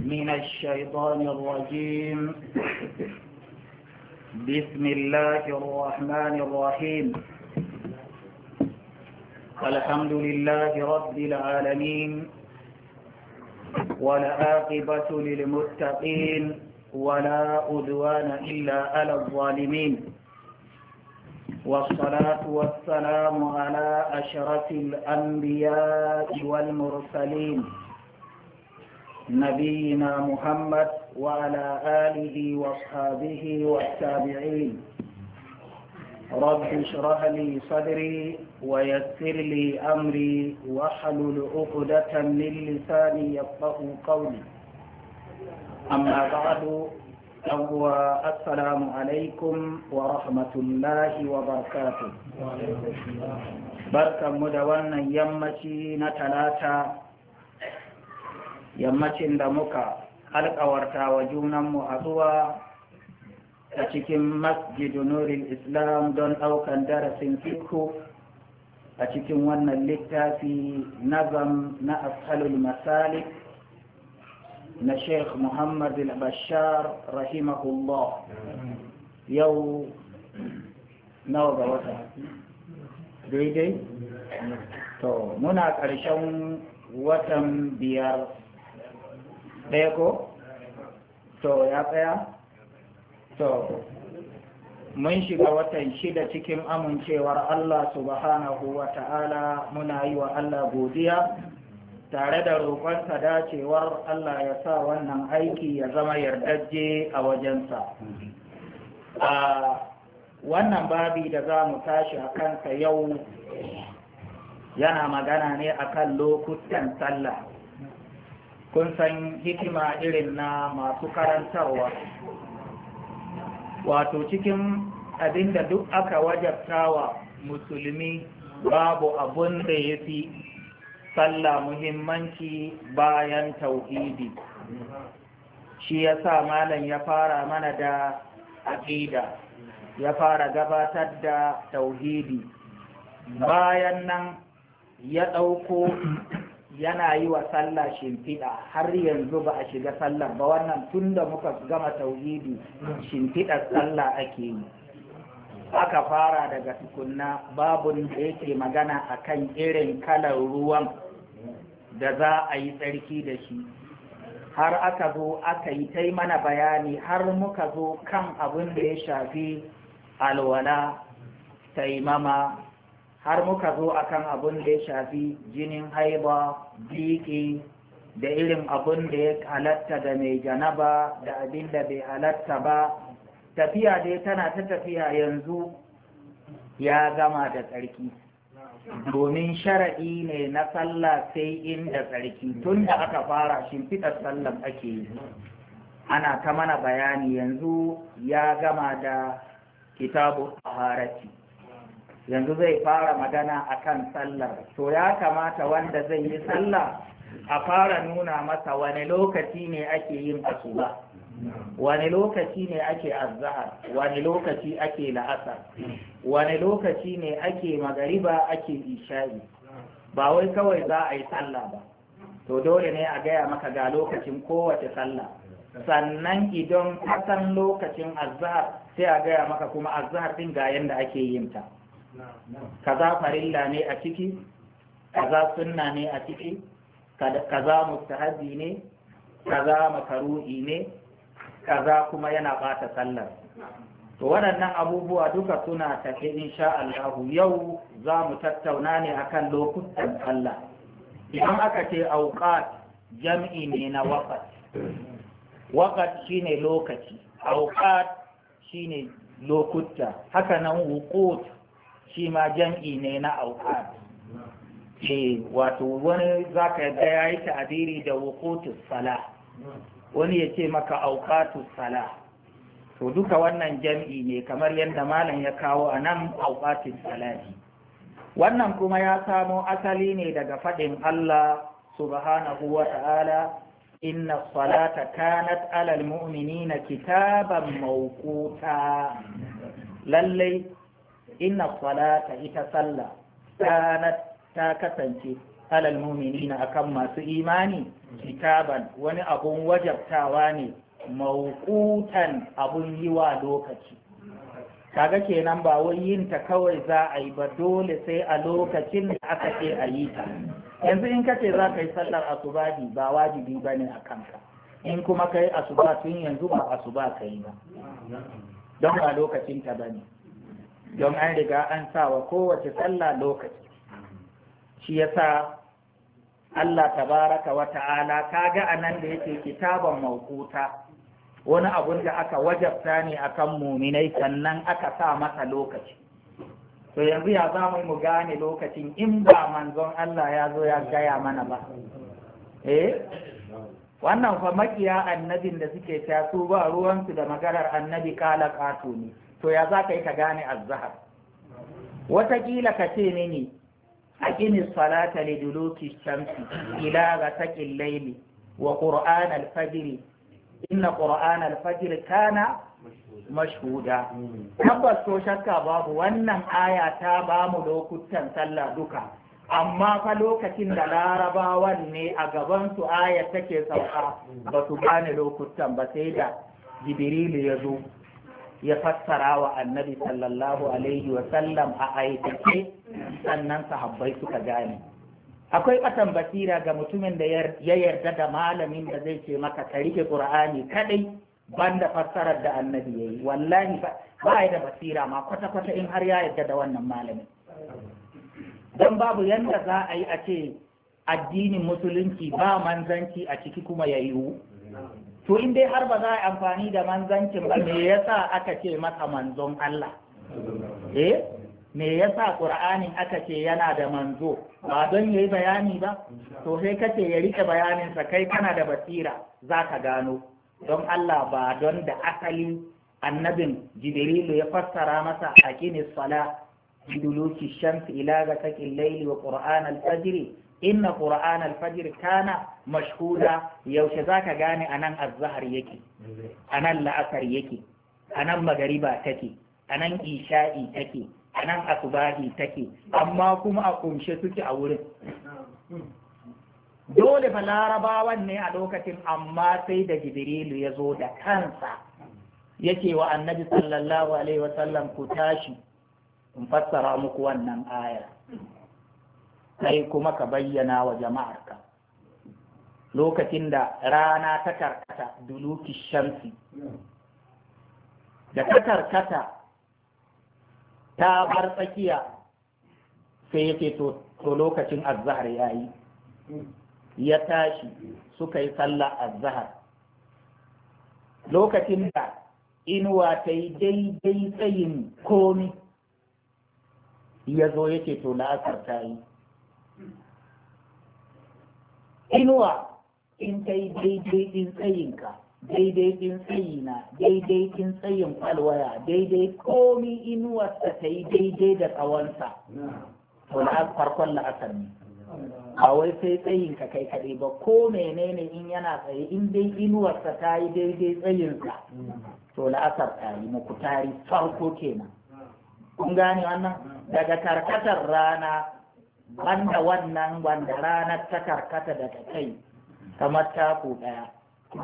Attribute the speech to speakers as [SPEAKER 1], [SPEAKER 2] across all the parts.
[SPEAKER 1] من الشيطان الرجيم بسم الله الرحمن الرحيم الحمد لله رب العالمين والعاقبة للمتقين ولا أدوان إلا على الظالمين والصلاة والسلام على أشرف الأنبياء والمرسلين نبينا محمد وعلى آله وأصحابه والتابعين رب اشرح لي صدري ويسر لي أمري واحلل عقدة من لساني يفقه قولي
[SPEAKER 2] أما بعد
[SPEAKER 1] yawwa assalamu alaikum wa rahmatullahi wa barakatu barkanmu da wannan yammaci na talata yammacin da muka alkawarta wa junanmu a zuwa a cikin masjidu nuril islam don ɗaukan darasin fiku a cikin wannan littafi nazam na ashalul masalik na sheikh muhammad al-bashar rahimahullah yau nawa ga wata daidai to muna ƙarshen watan biyar ɗaya ko to ya tsaya to mun shiga watan shida cikin amincewar allah subhanahu wa ta'ala muna yi wa allah godiya tare da roƙonsa dacewar Allah ya sa wannan aiki ya zama yardajje a wajensa. A wannan babi da za mu tashi a kansa yau yana magana ne akan lokutan sallah. Kun san hikima irin na masu karantarwa. Wato cikin abinda duk aka wajabtawa musulmi babu abun da ya fi sallah muhimmanci bayan tauhidi shi ya sa malam ya fara mana da aƙida ya fara gabatar da tauhidi bayan nan ya ɗauko yana yi wa sallah shimfiɗa har yanzu ba a shiga sallar ba wannan tun da muka gama tauhidi shimfiɗar sallah ake yi aka fara daga tukunna babu da yake magana akan irin kalar ruwan da za a yi tsarki da shi har aka zo aka yi ta mana bayani har muka zo kan abin da ya shafi alwala taimama har muka zo a kan abin da ya shafi jinin haiba biki da irin abin da ya halatta da mai janaba da abin da bai halatta ba tafiya dai tana ta tafiya yanzu ya gama da tsarki domin shara'i ne na sallah sai inda tsarki tun da aka fara shimfiɗar sallar ake yi ana ta mana bayani yanzu ya gama da kitabu taharati yanzu zai fara magana akan sallar to ya kamata wanda zai yi sallah a fara nuna masa wani lokaci ne ake yin asuba wani lokaci ne ake azhar wani lokaci ake la'asar wani lokaci ne ake magariba ake isha'i ba wai kawai za a yi sallah ba to dole ne a gaya maka ga lokacin kowace sallah sannan idan kasan lokacin azhar sai a gaya maka kuma azahar din ga yanda ake yin ta kaza farilla ne a ciki kaza sunna ne a ciki kaza mustahabi ne kaza makaru'i ne kaza kuma yana bata sallar to waɗannan abubuwa duka suna tafi insha Allah yau za mu tattauna ne akan lokutan sallah idan aka ce auqat jam'i ne na waqt waqt shine lokaci auqat shine lokuta haka nan wuqut shi ma jam'i ne na auqat eh wato wani zaka ga yayi ta'abiri da wuqutus salah wani ya ce maka auƙatu sala to duka wannan jam'i ne kamar yadda malam ya kawo a nan auqatu salati wannan kuma ya samo asali ne daga faɗin Allah subhanahu wa ta'ala inna salata kanat alal mu'minina kitaban mawquta lallai inna salata ita sallah kanat ta kasance alal mu'minina akan masu imani kitaban wani abun wajabtawa ne mawqutan abun yiwa lokaci kaga kenan ba wai yin ta kawai za a yi ba dole sai a lokacin da aka ce a yi ta yanzu in kace za ka yi sallar asubahi ba wajibi bane a kanka in kuma kai asuba tun yanzu ba asuba ka yi ba don a lokacin ta bane don an riga an sa wa kowace sallah lokaci shi yasa Allah tabaraka wa ta'ala kaga anan da yake kitaban mawquta wani abun da aka wajabta ne akan muminai sannan aka sa masa lokaci to yanzu ya za mu gane lokacin in ba manzon Allah ya zo ya gaya mana ba eh wannan fa makiya annabin da suke ta su ba ruwansu da maganar annabi kala katuni to ya za ka yi ka gane azhar watakila ka ce mini أقم الصلاة لدلوك الشمس إلى غسق الليل وقرآن الفجر إن قرآن الفجر كان mashhuda tabbas to shakka babu wannan aya ta bamu lokutan sallah duka amma fa lokacin da larabawan ne a gaban su aya take sauka ba su gane lokutan ba sai da jibrilu ya zo ya fassara wa annabi sallallahu alaihi wasallam a aikace sannan sahabbai suka gane akwai ƙasan basira ga mutumin da ya yarda da malamin da zai ce maka ka rike qur'ani kadai banda fassarar da annabi yayi wallahi ba da basira ma kwata kwata in har ya yarda da wannan malamin don babu yadda za a yi a ce addinin musulunci ba manzanci a ciki kuma ya yiwu to in dai har ba za a yi amfani da manzancin ba me yasa aka ce masa manzon Allah eh me yasa qur'anin aka ce yana da manzo ba don yayi bayani ba to sai kace ya rike bayanin sa kai kana da basira zaka gano don Allah ba don da asali annabin jibrilu ya fassara masa aqimis sala duluki shams ila zakil layli wa qur'an al-fajr inna qur'an al-fajr kana mashhuda yaushe zaka gane anan az-zahr yake anan la'asar yake anan magariba take anan isha'i take anan asubahi take amma kuma a kumshe suke a wurin dole fa larabawan ne a lokacin amma sai da jibrilu ya zo da kansa yake wa annabi sallallahu alaihi wasallam ku tashi in fassara muku wannan aya. sai kuma ka bayyana wa jama'arka lokacin da rana ta karkata duluki shamsi da ta karkata ta bar tsakiya sai yake to lokacin azahar ya yi ya tashi suka yi sallah azahar lokacin da inuwa ta yi daidai tsayin komi ya zo yake to la'asar ta yi inuwa in kai daidai din tsayinka daidai din tsayina daidai din tsayin kwalwaya daidai komi inuwarsa ta yi daidai da tsawonsa to na farkon la'asar ne ba sai tsayin ka kai kaɗe ba ko menene in yana tsaye in dai inuwarsa ta yi daidai tsayinsa to la'asar ta yi muku tari farko kenan kun gane wannan daga karkatar rana banda wannan wanda ranar ta karkata daga kai kamar taku ɗaya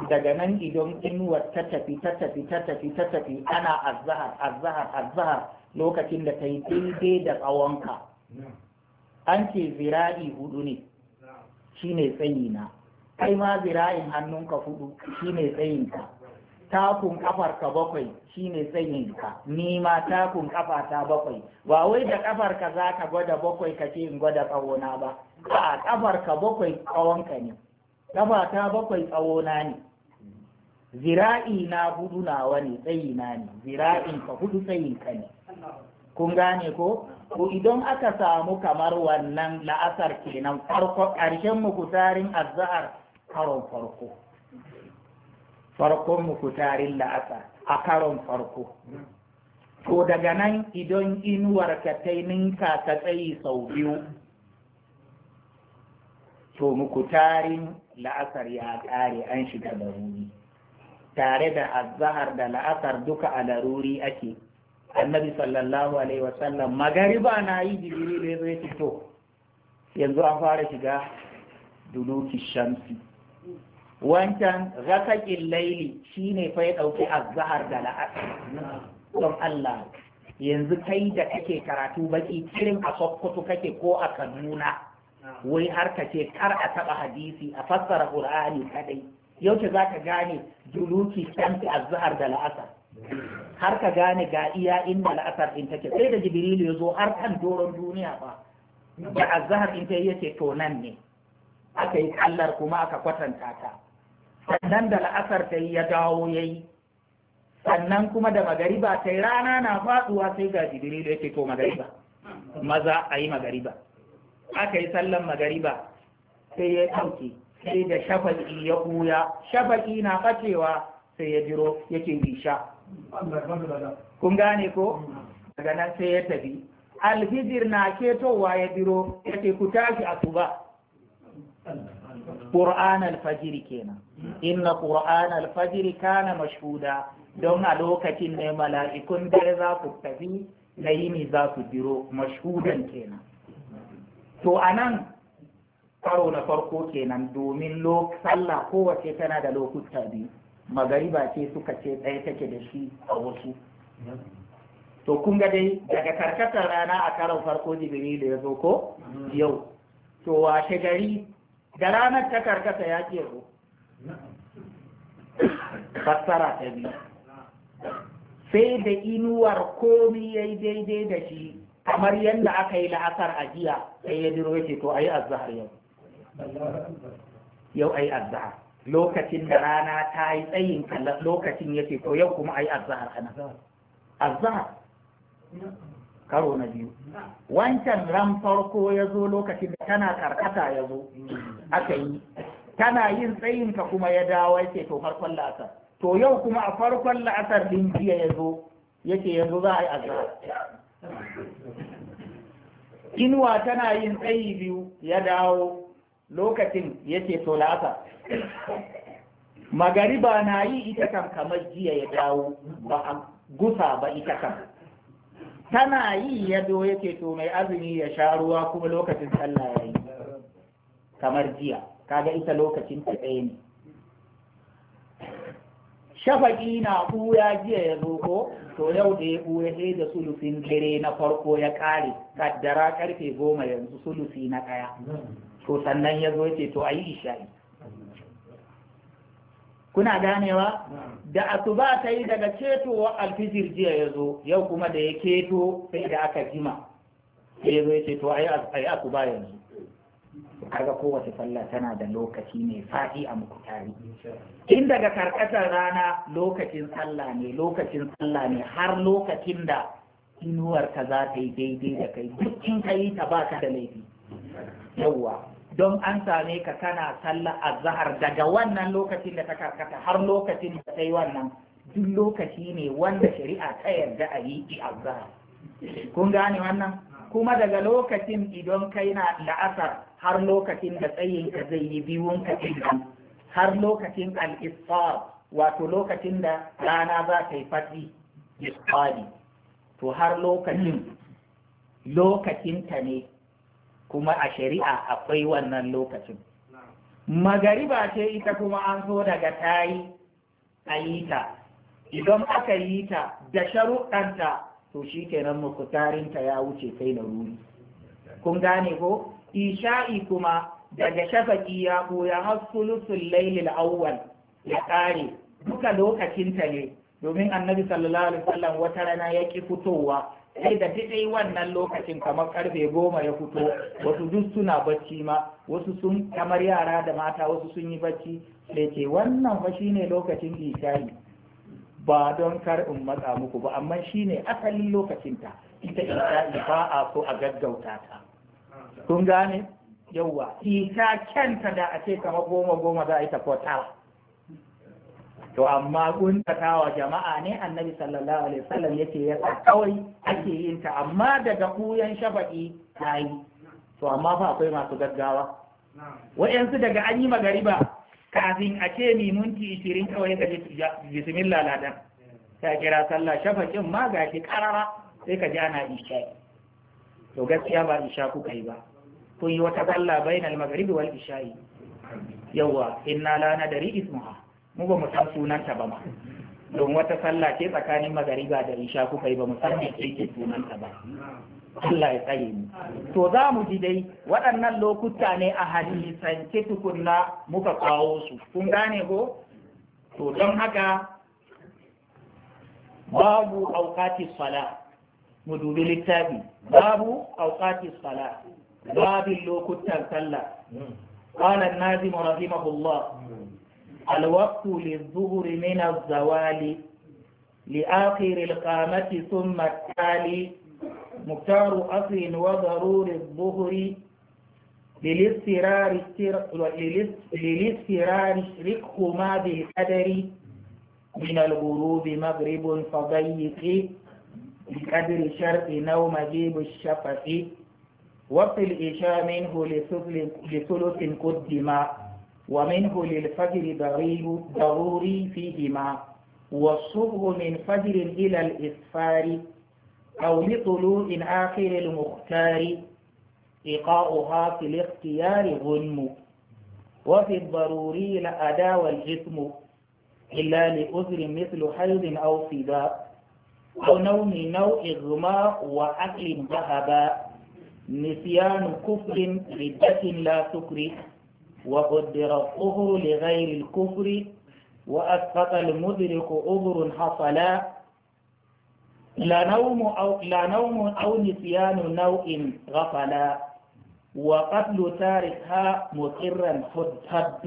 [SPEAKER 1] daga nan idan inuwar ta tafi ta tafi ta tafi ta tafi ana azahar azahar azahar lokacin da ta yi daidai da tsawonka an ce zira'i hudu ne shine tsayina kai ma zira'in hannunka hudu shine tsayinka takun kafar ka bakwai shine tsayin ka ni ma takun kafa ta bakwai ba wai da kafar ka zaka gwada bakwai ka ce in gwada tsawona ba a kafar ka bakwai tsawon ka ne kafa ta bakwai tsawona ne zira'i na hudu nawa ne tsayi na ne zira'in ka hudu tsayin ka ne kun gane ko ko idan aka samu kamar wannan la'asar kenan farko ƙarshen mukutarin azhar karon farko farkon mukutarin la'asa a karon farko to daga nan idan inuwar ka ta ninka ta tsayi sau biyu to mukutarin la'asar ya ƙare an shiga laruri tare da azahar da la'asar duka a laruri ake annabi sallallahu alaihi wasallam magariba na yi jibrilu ya zai fito. yanzu an fara shiga duluki shamsi wancan rakakin laili shine fa ya ɗauki azahar da la'asar don Allah yanzu kai da kake karatu baki kirin a sokoto kake ko a kaduna wai har ka ce kar a taɓa hadisi a fassara ƙur'ani kadai yau ce za ka gane duluki shamsi azhar da la'asar har ka gane ga iya inda la'asar din take sai da jibrilu ya zo har kan doron duniya ba da azhar din ta yace to nan ne aka yi kallar kuma aka kwatanta ta sannan da la'asar ta yi ya dawo ya yi sannan kuma da magariba ta yi rana na faɗuwa sai ga jibiri ya yake to magariba maza a yi magariba aka yi sallan magariba sai ya ɗauke sai da shafaƙi ya ɓuya shafaƙi na ɓacewa sai ya jiro yake bisha. kun gane ko daga nan sai ya tafi alhijir na ketowa ya biro ya ku tashi asuba ƙur'an alfajiri kenan inna qur'an al-fajr kana mashhuda don a lokacin ne mala'ikun dare za su tafi na yini za su biro mashhudan kenan to anan karo na farko kenan domin sallah kowace tana da lokuta biyu magariba ce suka ce ɗaya take da shi a wasu to kun ga dai daga karkatar rana a karon farko jibrilu ya zo ko yau to washe gari da ranar ta karkata ya ke zo fassara ta biyu sai da inuwar komi ya yi daidai da shi kamar yadda aka yi la'asar a jiya sai ya diro ya ce to a yi azahar yau yau a yi azahar lokacin da rana ta yi tsayin lokacin ya ce to yau kuma a yi azahar A azahar karo na biyu wancan ran farko ya zo lokacin da tana karkata ya zo aka yi kana yin tsayinka kuma ya dawo yake to farkon la'asar to yau kuma a farkon la'asar din jiya ya zo yake yanzu za a yi azhar inuwa tana yin tsayi biyu ya dawo lokacin yake to la'asar magariba na yi ita kan kamar jiya ya dawo ba a gusa ba ita kan tana yi ya zo yake to mai azumi ya sha ruwa kuma lokacin sallah ya yi kamar jiya kaga ita lokacin ta ɗaya ne shafaƙi na ɓuya jiya ya zo ko to yau da ya ɓuya sai da sulufin dare na farko ya ƙare kaddara ƙarfe goma yanzu sulufi na ɗaya to sannan ya zo ce to a yi isha'i kuna ganewa da asuba ta yi daga cetowa alfijir jiya ya zo yau kuma da ya keto sai da aka jima sai ya zo ya ce to a yi asuba yanzu kaga kowace sallah tana da lokaci mai faɗi a mukutari in daga karkatar rana lokacin sallah ne lokacin sallah ne har lokacin da inuwar ka za ta yi daidai da kai duk in ka yi ta baka da laifi yawwa don an same ka kana sallah azhar daga wannan lokacin da ta karkata har lokacin da ta yi wannan duk lokaci ne wanda shari'a ta yarda a yi ki azhar kun gane wannan kuma daga lokacin idan kai na la'asar har lokacin da tsayinka zai yi biyun ka har lokacin al wato lokacin da rana za ta yi fadi isfari to har lokacin lokacin ta ne kuma a shari'a akwai wannan lokacin magariba ce ita kuma an so daga tayi a yi ta idan aka yi ta da sharuɗanta to shi kenan mukutarinta ya wuce kai na ruri kun gane ko isha'i kuma daga shafaki ya koya har sulusul lailil awwal ya kare duka lokacin ta ne domin annabi sallallahu alaihi wasallam wata rana yaki fitowa sai da ta wannan lokacin kamar karfe goma ya fito wasu duk suna bacci ma wasu sun kamar yara da mata wasu sun yi bacci sai ce wannan fa shine lokacin isha'i ba don kar in matsa muku ba amma shine asalin lokacinta ita isha'i ba a so a gaggauta
[SPEAKER 2] ta kun
[SPEAKER 1] gane yauwa ita kyanta da a ce kama goma goma za a yi tafota to amma kuntatawa jama'a ne annabi sallallahu alaihi wasallam yake ya kawai ake yin ta amma daga kuyan shafa'i yi. to amma fa akwai masu gaggawa wa'yansu daga an yi magariba kafin a ce mi minti 20 kawai ka ji bismillah ladan ta kira sallah shafakin ma gashi karara sai ka ji ana isha to gaskiya ba isha kuka yi ba kun yi wata sallah na magaribi wal isha'i yawa inna la nadari ismuha mu ba mu san sunanta ba ma don wata sallah ke tsakanin magariba da isha kuka yi ba mu san me ke sunanta ba Allah ya tsaye mu to za mu ji dai waɗannan lokuta ne a ke tukunna muka kawo su kun gane ko to don haka babu auqati sala mu dubi littafi babu auqati sala babin lokutan sallah قال النازم رحمه الله الوقت للظهر من الزوال لآخر القامة ثم التالي مختار أصل وضرور الظهر للاسترار للاسترار ما بالقدر من الغروب مغرب فضيق بقدر شرق نوم جيب الشفق وفي الإشاء منه لثلث قدما ومنه للفجر ضروري فيهما والصبح من فجر إلى الإسفار أو لطلوع آخر المختار إقاؤها في الاختيار غنم وفي الضروري لأدا والجسم إلا لأذر مثل حيض أو صداء أو نوم نوء الظماء وأكل ذهبا نسيان كفر ردة لا تكر وقدر الظهر لغير الكفر وأسقط المدرك عذر حصلا لا نوم أو, لا نوم أو نسيان نوء غفلا وقتل تاركها مقرا حد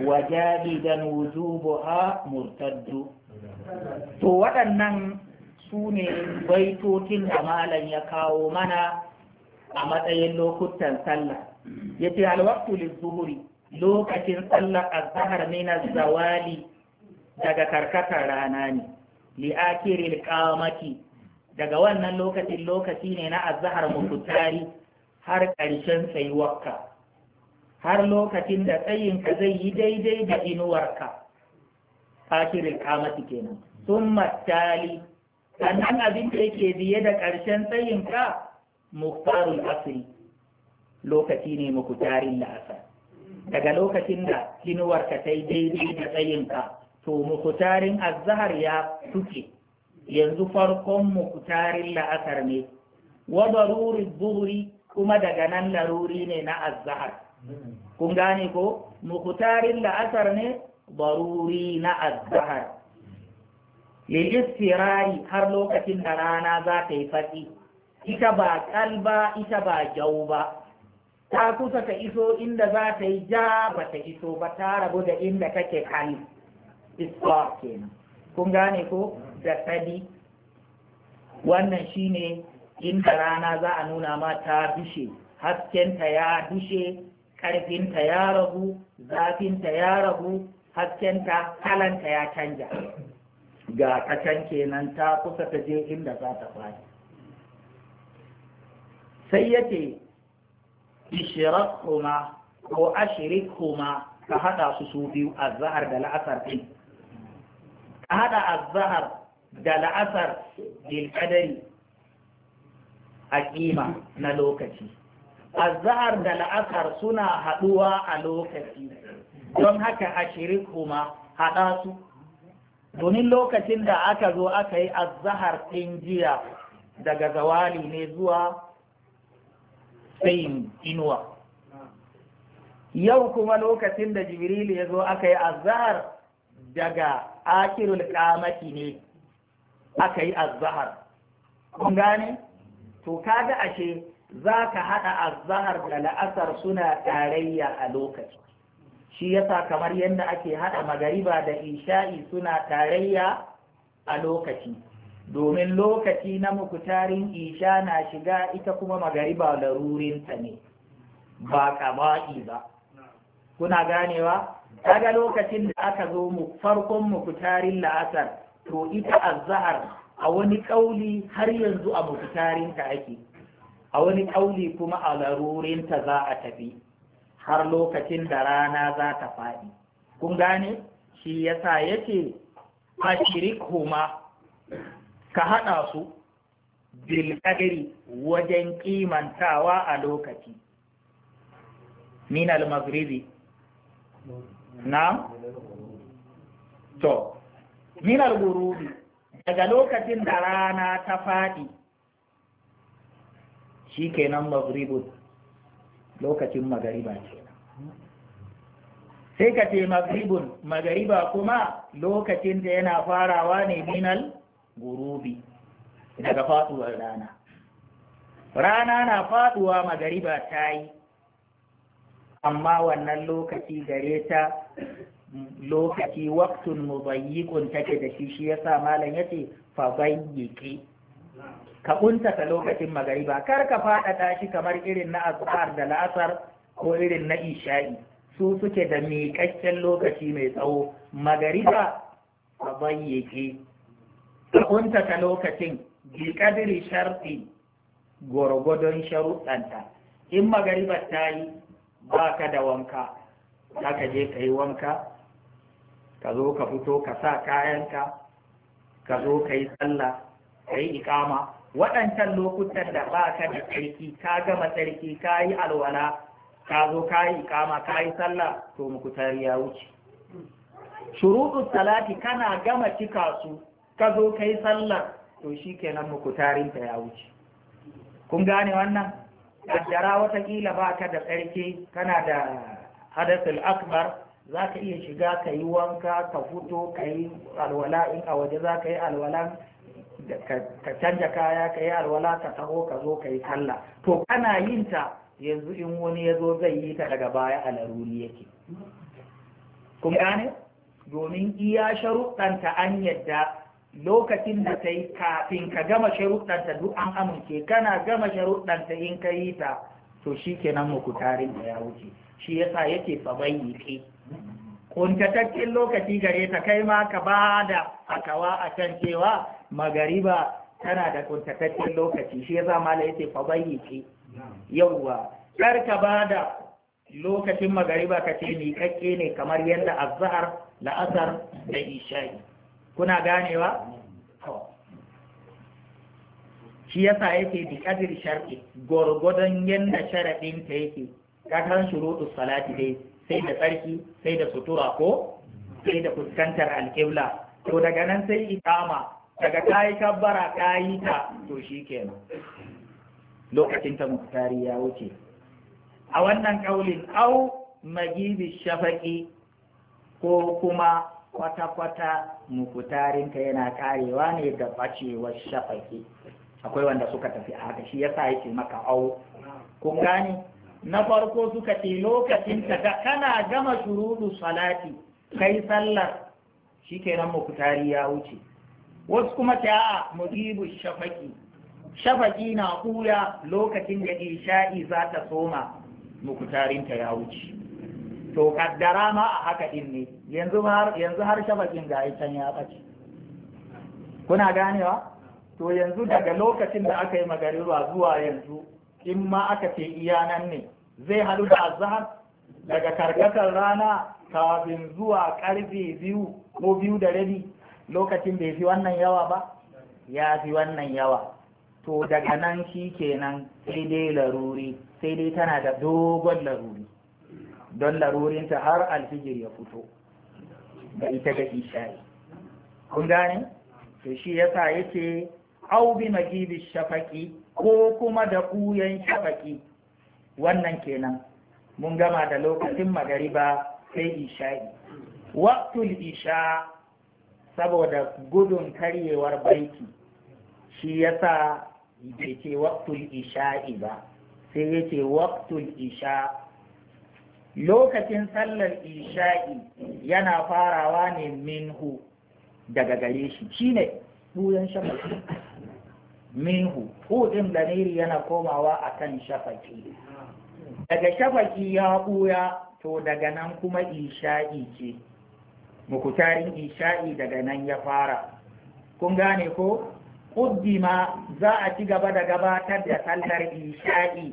[SPEAKER 1] وجاهدا وجوبها مرتد to سوني su ne baitotin da a matsayin lokutan sallah ya yace alwaqtu lizuhuri lokacin sallar azhar min daga karkatar rana ne li akiril qamati daga wannan lokacin lokaci ne na azhar mukutari har ƙarshen tsayuwarka har lokacin da tsayinka zai yi daidai da inuwarka akiril qamati kenan summa tali sannan abin da yake biye da ƙarshen tsayinka muktarul asri lokaci ne mukutarin la'asar daga lokacin da inuwarka ta yi daidai da tsayinka to mukutarin azahar ya tuke. yanzu farkon mukutarin la'asar ne wa daruri kuma daga nan laruri ne na azahar kun gane ko mukutarin la'asar ne baruri na azahar lil har lokacin da rana za ta yi fatsi ita ba kalba ita ba jau ba ta kusa ta iso inda za ta yi ja ba ta iso ba ta rabu da inda take kali isfar kenan kun gane ko da sadi wannan shine inda rana za a nuna ma ta dushe haskenta ya dushe karfinta ya ragu zafinta ya ragu haskenta kalanta ya canja ga kacan kenan ta kusa ta je inda za ta fadi sai yake ce ishirahuma ko ashirikuma ka hada su su biyu azahar da la'asar ɗin ka haɗa azahar da la'asar bilkadari a ƙima na lokaci azahar da la'asar suna haɗuwa a lokaci don haka ashirikuma haɗa su domin lokacin da aka zo aka yi azahar ɗin jiya daga zawali ne zuwa tsayin inuwa yau kuma lokacin da jibril ya zo aka yi azahar daga akirul kamati ne aka yi azahar kun gane to kaga ashe za ka haɗa azahar da la'asar suna tarayya a lokaci shi yasa kamar yadda ake haɗa magariba da isha'i suna tarayya a lokaci domin lokaci na mukutarin isha na shiga ita kuma magariba larurinta ne ba kama'i ba kuna ganewa kaga lokacin da aka zo mu farkon mukutarin la'asar to ita azhar a wani ƙauli har yanzu a mukutarin ta ake a wani ƙauli kuma a larurin za a tafi har lokacin da rana za ta faɗi kun gane shi yasa yace huma ka haɗa su bilƙadiri wajen ƙimantawa a lokaci min al-maghribi na to min al daga lokacin da rana ta faɗi Shi shikenan maghribun lokacin magariba ce. sai ka ce magariba kuma lokacin da yana farawa ne min al gurubi daga faduwar rana rana na faduwa magariba ta yi amma wannan lokaci gare ta lokaci waktun mubayyikun take da shi shi yasa malam yace fa bayyike ka ka lokacin magariba kar ka faɗaɗa shi kamar irin na azhar da la'asar ko irin na isha'i su suke da miƙaccen lokaci mai tsawo magariba fa bayyike ta lokacin bi kadiri sharti gwargwadon sharuɗanta in magariba ta yi ba ka da wanka za ka je ka yi wanka ka zo ka fito ka sa kayanka ka zo ka yi sallah ka yi ikama waɗancan lokutan da ba ka da tsarki ka gama tsarki ka yi alwala ka zo ka yi ikama ka yi sallah to mukutar ya wuce shuruɗu salati kana gama cika su ka zo kai sallah to shi kenan muku tarinta ya wuce kun gane wannan kaddara watakila ba ka da tsarki kana da hadasul akbar za ka iya shiga ka yi wanka ka fito ka yi alwala in a waje za ka yi alwala ka canja kaya ka yi alwala ka taho ka zo ka yi sallah to kana yin ta yanzu in wani ya zo zai yi ta daga baya a laruri yake kun gane domin iya sharuɗanta an yadda lokacin da yi kafin ka gama sharuɗanta duk an amince kana gama sharuɗanta in ka yi ta to shi kenan muku tarin da ya wuce shi yasa yake yi ke kuntataccen lokaci gare ta kai ma ka ba da akawa a can cewa magariba tana da kuntataccen lokaci shi yasa mala yake yi ke yauwa kar ka ba da lokacin magariba ka ce miƙaƙƙe ne kamar yadda azhar la'asar da isha'i kuna ganewa shi yasa yake bi kadir shar'i gwargwadon yanda sharadin ta yake kakar shuruɗu salati dai sai da tsarki sai da sutura ko sai da fuskantar alƙibla to daga nan sai ikama daga kayi kabbara kayi ta to shi kenan lokacin ta muktari ya wuce a wannan ƙaulin au magibi shafaƙi ko kuma kwata-kwata ka yana karewa ne da bacewar shafaki akwai wanda suka tafi a haka shi yasa yake maka au kun gane na farko suka ce lokacin ka kana gama shurudu salati kai sallar shikenan mukutari ya wuce wasu kuma ta a mudibu shafaki shafaki na kuya lokacin da isha'i za ta soma ta ya wuce to kaddara ma a haka din ne yanzu har yanzu har shabakin ga can ya bace kuna ganewa to yanzu daga lokacin da aka yi magari zuwa yanzu in ma aka ce iya nan ne zai haɗu da azhar
[SPEAKER 2] daga karkatar
[SPEAKER 1] rana kafin zuwa karfe biyu ko biyu da rabi lokacin bai fi wannan yawa ba ya fi wannan yawa to daga nan shi kenan sai dai laruri sai dai tana da dogon laruri don larurinta har alfijir ya fito da ita da isha'i kun gane to shi yasa yake au bi magibi shafaƙi ko kuma da kuyan shafaƙi. wannan kenan mun gama da lokacin magariba sai isha'i waqtul isha saboda gudun karyewar baiki shi yasa bai ce waqtul isha'i ba sai yake waqtul isha lokacin sallar isha'i yana farawa ne minhu daga gare shi shine buyan shafaki minhu hudin lamiri yana komawa akan shafaki daga shafaki ya buya to daga nan kuma isha'i ce mukutarin isha'i daga nan ya fara kun gane ko ƙuddima za a ci gaba da gabatar da sallar isha'i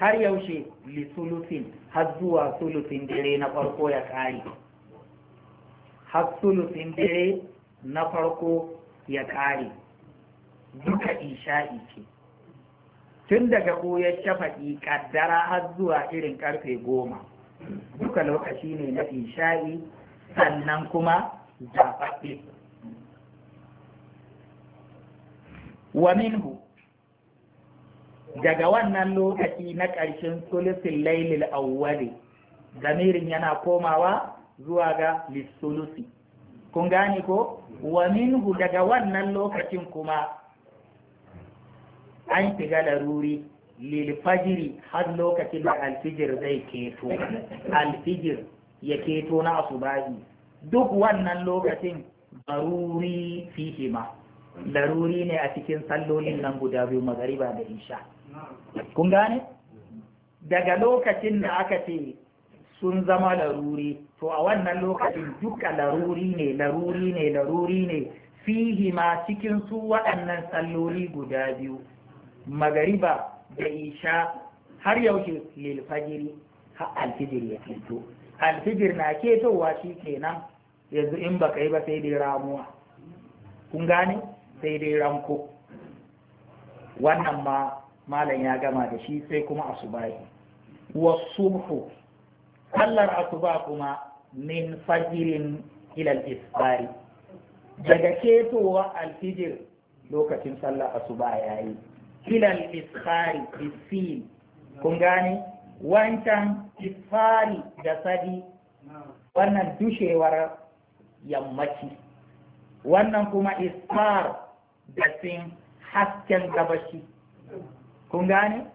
[SPEAKER 1] har yaushe li sulusin har zuwa sulutin dare na farko ya kare har sulutin dare na farko ya kare duka isha'i ce tun daga koyar shafaɗi kaddara har zuwa irin karfe goma duka lokaci ne na isha'i sannan kuma zaɓaɓɓe wa minhu daga wannan lokaci na ƙarshen sulusin lailil awwali zamirin yana komawa zuwa ga lissulusi kun gane ko wa minhu daga wannan lokacin kuma an shiga laruri lil har lokacin da alfijir zai keto alfijir ya keto na asubahi duk wannan lokacin daruri fihima laruri ne a cikin sallolin nan guda biyu magariba da isha kun gane daga lokacin da aka ce sun zama laruri to a wannan lokacin duka laruri ne laruri ne laruri ne fihi ma cikin su waɗannan tsalloli guda biyu magariba da isha har yaushe lilfajiri ha alfijir ya keto alfijir na ketowa shi kenan yanzu in ba yi ba sai dai ramuwa kun gane sai dai ranko wannan ma malam ya gama da shi sai kuma asubahi wasubhu sallar asuba kuma min fajirin ilal isbari daga ketowa alfijir lokacin sallar asuba yayi ilal isfari isfil kun gane wancan isfari da sadi wannan dushewar yammaci wannan kuma isfar da sin hasken gabashi kun gane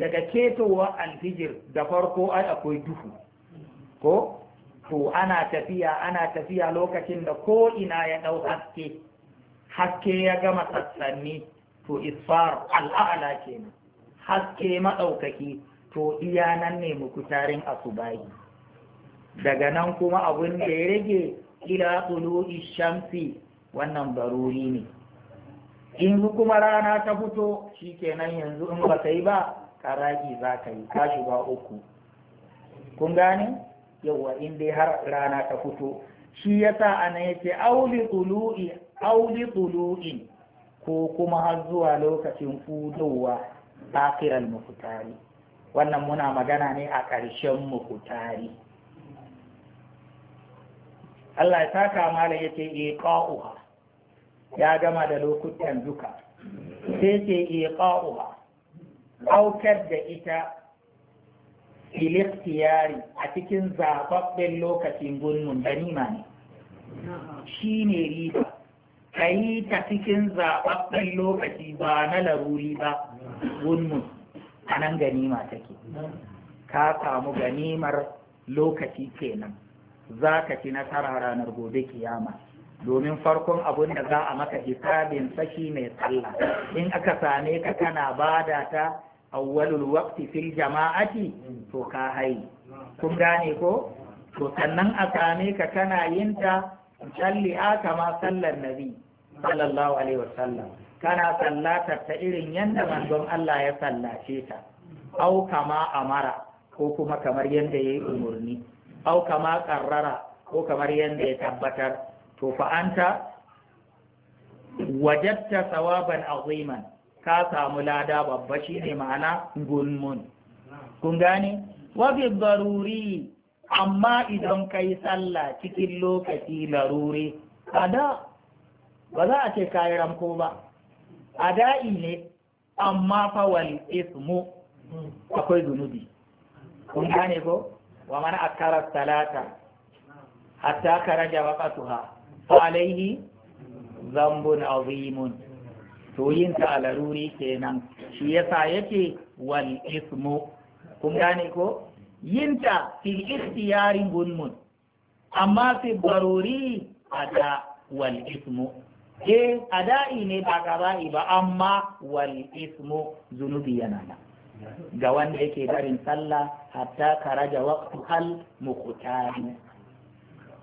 [SPEAKER 1] daga ketowa alfijir da farko ai akwai duhu ko to ana tafiya ana tafiya lokacin da ko ina ya dau haske haske ya gama sassanni to isfar al'ala kenan haske maɗaukaki to iya nan ne mukutarin asubahi daga nan kuma abin da ya rage ila tulu'i shamsi wannan baruri ne in kuma rana ta fito shi kenan yanzu in ba ta yi ba karagi za ka yi kashi ba uku kun gane yauwa in dai har rana ta fito shi yasa ana ce auli tulu'i ko kuma har zuwa lokacin fudowa akiran mukutari wannan muna magana ne a ƙarshen mafutari Allah ya taka mala yace iqa'uha ya gama da lokutan duka sai ce iqa'uha aukar da ita iliktiyari a cikin zababben lokacin gunmun ganima ne shi ne riba ka yi ta cikin zababben lokaci ba na laruri ba gunnun a nan ganima take ka samu ganimar lokaci kenan za ka ci nasara ranar gobe kiyama domin farkon abin da za a maka hisabin saki mai tsalla, in aka same ka kana bada ta awwalul waqti fil jama'ati to ka hayi kun gane ko to sannan a same ka kana yin ta salli kama sallar nabi sallallahu alaihi wasallam kana sallatar ta irin yanda manzon Allah ya sallace ta au kama amara ko kuma kamar yadda yayi yi umarni au kama karrara ko kamar yadda ya tabbatar to fa anta wajatta sawaban aziman ka samu lada babba shine ma'ana gunmun kun gane wa bi amma idan kai sallah cikin lokaci A da, ba za a ce kayi ramko ba ada'i ne amma fa wal ismu akwai zunubi kun gane ko wa mana akara salata hatta karaja waqtuha alaihi zambun azimun to yin ta alaruri kenan shi yasa yake wal ismu kun gane ko yin ta fil ikhtiyarin gunmun amma fi baruri ada wal ismu eh ada'i ne ba qada'i ba amma wal ismu zunubi yana ga wanda yake barin sallah hatta karaja waqtu hal muqtari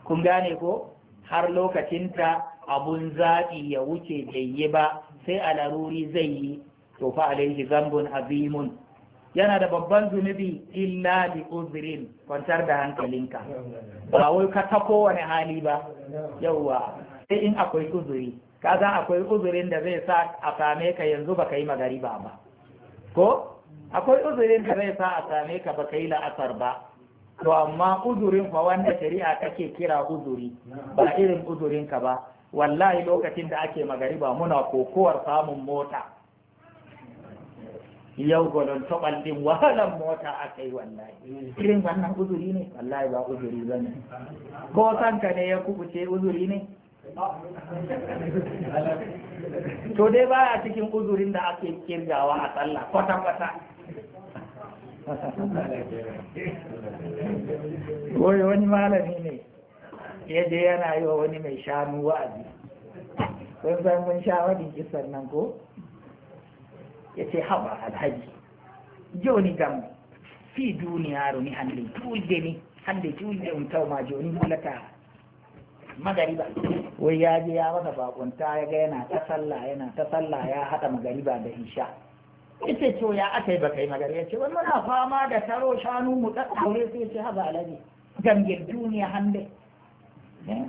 [SPEAKER 1] kun gane ko har lokacinta abun zaɓi ya wuce bai yi ba sai a laruri zai yi to fa alaihi zambun azimun yana da babban zunubi illa bi uzrin kwantar da hankalinka ba wai ka ta kowane hali ba yauwa sai in akwai uzuri kaga akwai uzurin da zai sa a same ka yanzu baka yi magariba ba ko akwai uzurin da zai sa a same ka baka yi la'asar ba to amma uzurin fa wanda shari'a take kira uzuri ba irin uzurin ka ba wallahi lokacin da ake magariba muna kokowar samun mota yau gwanon taɓal ɗin wahalan mota aka yi wallahi mm. irin wannan uzuri ne wallahi ba uzuri ba ne ko ka ne ya kubuce uzuri ne
[SPEAKER 2] to
[SPEAKER 1] dai ba a cikin uzurin da ake kirgawa a sallah kwata-kwata wai wani malami ne ya je yana yi wa wani mai shanu wa'azi wani zan mun sha wani kisan nan ko ya ce haɓa alhaji joni gam fi duniya runi hande tuje ni hande tuje un tau ma joni hulata. magariba wai ya je ya wata bakunta ya ga yana ta sallah yana ta sallah ya haɗa magariba da isha yace to ya aka yi baka yi magana yace wai muna fama da taro shanu mu da aure sai ce haba alaji gangel duniya hande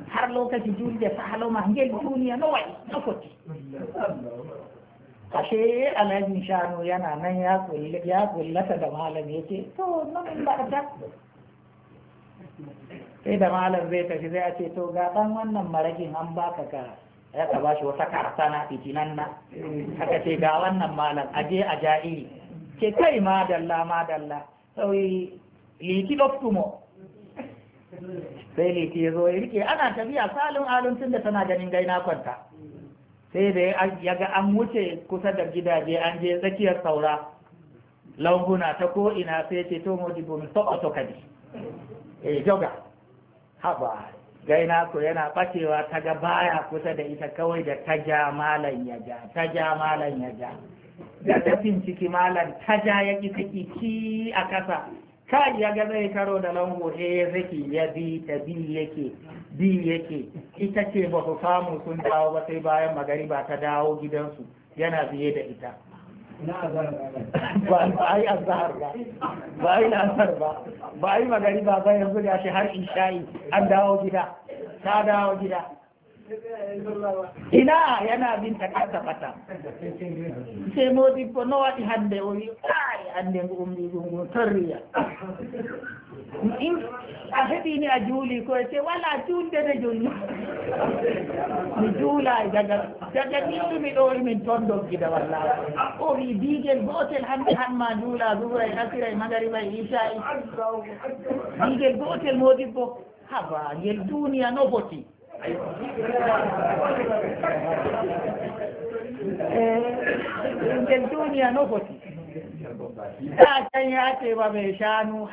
[SPEAKER 1] har lokaci duniya sa halo ma gangel duniya no wai no koti ashe alhaji shanu yana nan ya kulle ya kullata da malam yace to nan ba ta sai da malam zai tafi zai a ce to ga dan wannan marakin an baka ka ya ka bashi wata karsana fitinan na haka ce ga wannan malam aje a ja'i ke kai ma dalla ma dalla sauyi liki doftumo sai liki ya zo ya rike ana tafiya salin alun tun da tana ganin gaina kwanta sai da ya ga an wuce kusa da gidaje an je tsakiyar saura languna ta ko'ina ina sai ce to modibo min to kadi eh joga haba gaina ko yana ɓacewa ta ga baya kusa da ita kawai da ta ja malan ya ja ta ja malan ya ja da ta ciki malan ta ja ya ki ta ki a kasa kai ya ga zai karo da lango he eh, ya zaki ya bi ta bi yake bi yake ita ce ba ku samu sun dawo ba sai bayan magariba ta dawo gidansu yana biye da ita ba a yi azahar ba ba a yi ba ba a magari ba ba yanzu ga shi har isha'i an dawo gida ta dawo gida ina yana bin ta kasa fata sai modi ko no wadi hande o yi kai hande ngu ummi ngu tarriya ahedi ni ajuli ko ce wala jul de de mi jula daga daga dillu mi dori min tondo gida walla o wi digel gotel hande han ma jula zuhra e asira e magariba e isha e digel gotel modibbo haba ngel duniya no boti ngel eh, duniya no boti ta can ya ce ba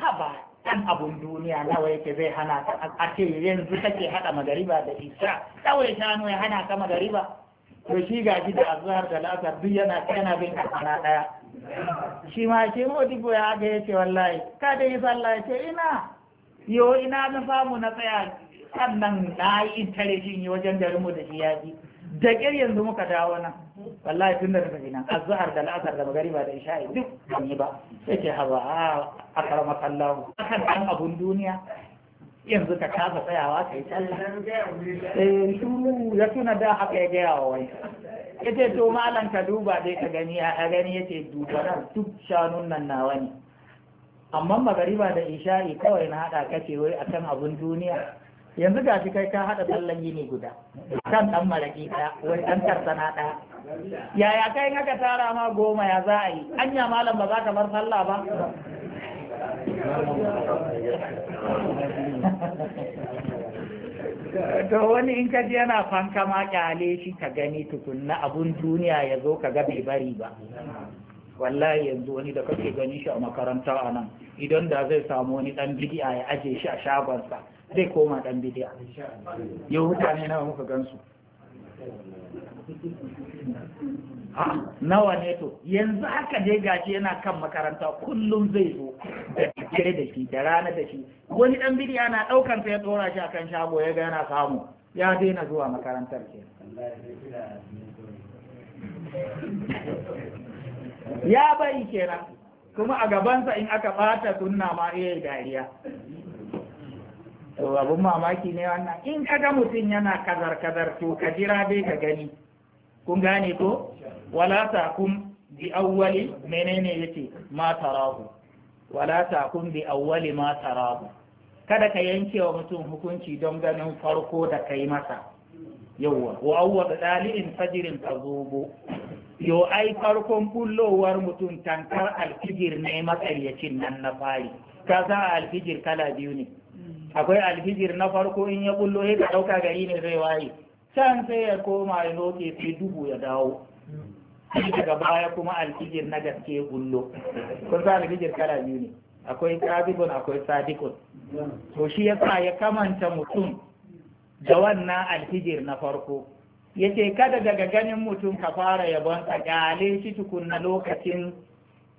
[SPEAKER 1] haba kan abun duniya nawa yake zai hana ka a ce yanzu take haɗa magariba da isha kawai shanu ya hana ka magariba to shi shi da azhar da la'asar duk yana kana bin kana daya shi ma shi dubo ya ga yace wallahi ka da yi sallah ce ina yo ina na famu na tsaya sannan na yi tare shi wajen garin mu da shi yaji da ƙir yanzu muka dawo nan wallahi tun da tafi nan zuhar da la'asar da magariba da isha'i duk kan yi ba ke hawa a karama A akan ɗan abun duniya yanzu ka kasa tsayawa kai sallah eh shuru ya tuna da haka ya gaya wa wai Ya ce to malam ka duba dai ka gani a gani ya ce duba nan duk shanun nan nawa ne amma magariba da isha'i kawai na haɗa kace wai akan abun duniya yanzu ga shi kai ka haɗa tallan yini guda kan ɗan maraƙi ɗaya wani ɗan karsana ɗaya yaya kai in ma goma ya za a yi anya malam ba za ka bar sallah ba to wani in ka ji yana fanka ma ƙyale shi ka gani tukunna abun duniya ya zo ka ga bai bari ba wallahi yanzu wani da kake gani shi a makaranta a nan idan da zai samu wani ɗan bidi'a ya aje shi a shagonsa zai koma dan bidiya yau mutane nawa muka gansu nawa ne to yanzu haka dai gashi yana kan makaranta kullum zai zo da dare da shi da rana da shi wani dan bidiya na daukan sa ya tsora shi akan shago ya ga yana samu ya daina zuwa makarantar ke ya bari kenan kuma a gabansa in aka bata sunna ma iya dariya to mamaki ne wannan in ka ga mutum yana kazar kazar to ka jira dai ka gani kun gane ko wala kun bi awwali menene yace ma tarahu wala kun bi awwali ma tarahu kada ka yanke wa mutum hukunci don ganin farko da kai masa yawwa wa awwal dalilin fajrin tazubu yo ai farkon kullowar mutum tankar alfijir ne matsayacin nan na fari ka za alfijir kala biyu ne akwai alfijir na farko in ya bullo ya ka ɗauka gari ne zai waye can sai ya koma ya loke sai dubu ya dawo daga baya kuma alfijir na gaske ya bullo kun sa alfijir kala biyu ne akwai kadibun akwai sadikun to shi yasa ya kamanta mutum da wannan alfijir na farko yace kada daga ganin mutum ka fara yabonsa kyale shi tukunna lokacin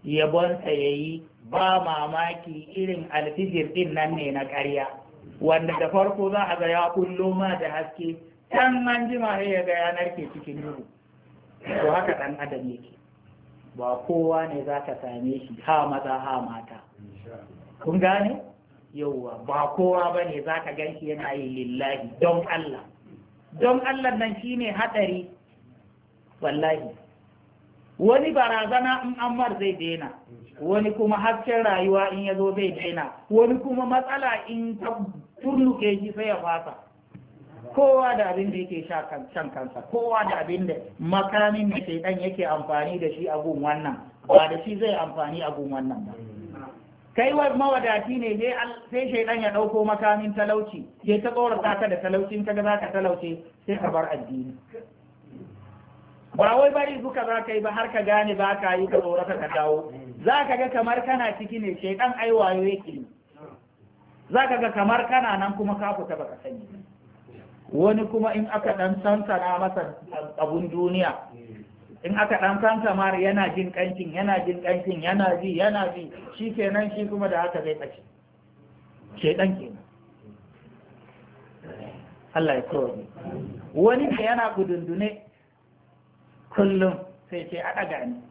[SPEAKER 1] yabonsa yayi ba mamaki irin alfijir din nan ne na ƙarya wanda da farko za a ga ya kullo ma da haske can an ma ya ga yanar ke cikin nuru to haka ɗan adam yake ba kowa ne za ka same shi ha maza ha mata kun gane yauwa ba kowa ba ne za ka gan shi yana yi lillahi don Allah don Allah nan shi ne haɗari wallahi wani barazana in ammar zai daina wani kuma hasken rayuwa in ya zo zai daina wani kuma matsala in ta turnuke shi sai ya fasa kowa da abin da yake shan kansa kowa da abin da makamin da shaidan yake amfani da shi agun wannan ba da shi zai amfani agun wannan ba kai wa mawadati ne sai shaidan ya dauko makamin talauci sai ta tsorata ka da talauci, kaga za ka talauce sai ka bar addini ba wai bari suka za ka yi ba har ka gane ba ka yi ka tsorata ka dawo za ka ga kamar kana ciki ne shaidan aiwayo yake ne za ka ga kamar kana nan kuma ka fita baka sani wani kuma in aka dan na masa abun duniya in aka dan mar yana jin kancin yana jin kancin yana ji yana ji shi kenan shi kuma da haka zai Ke dan kenan Allah ya tsoro wani da yana gudundune kullum sai ce a ɗaga ni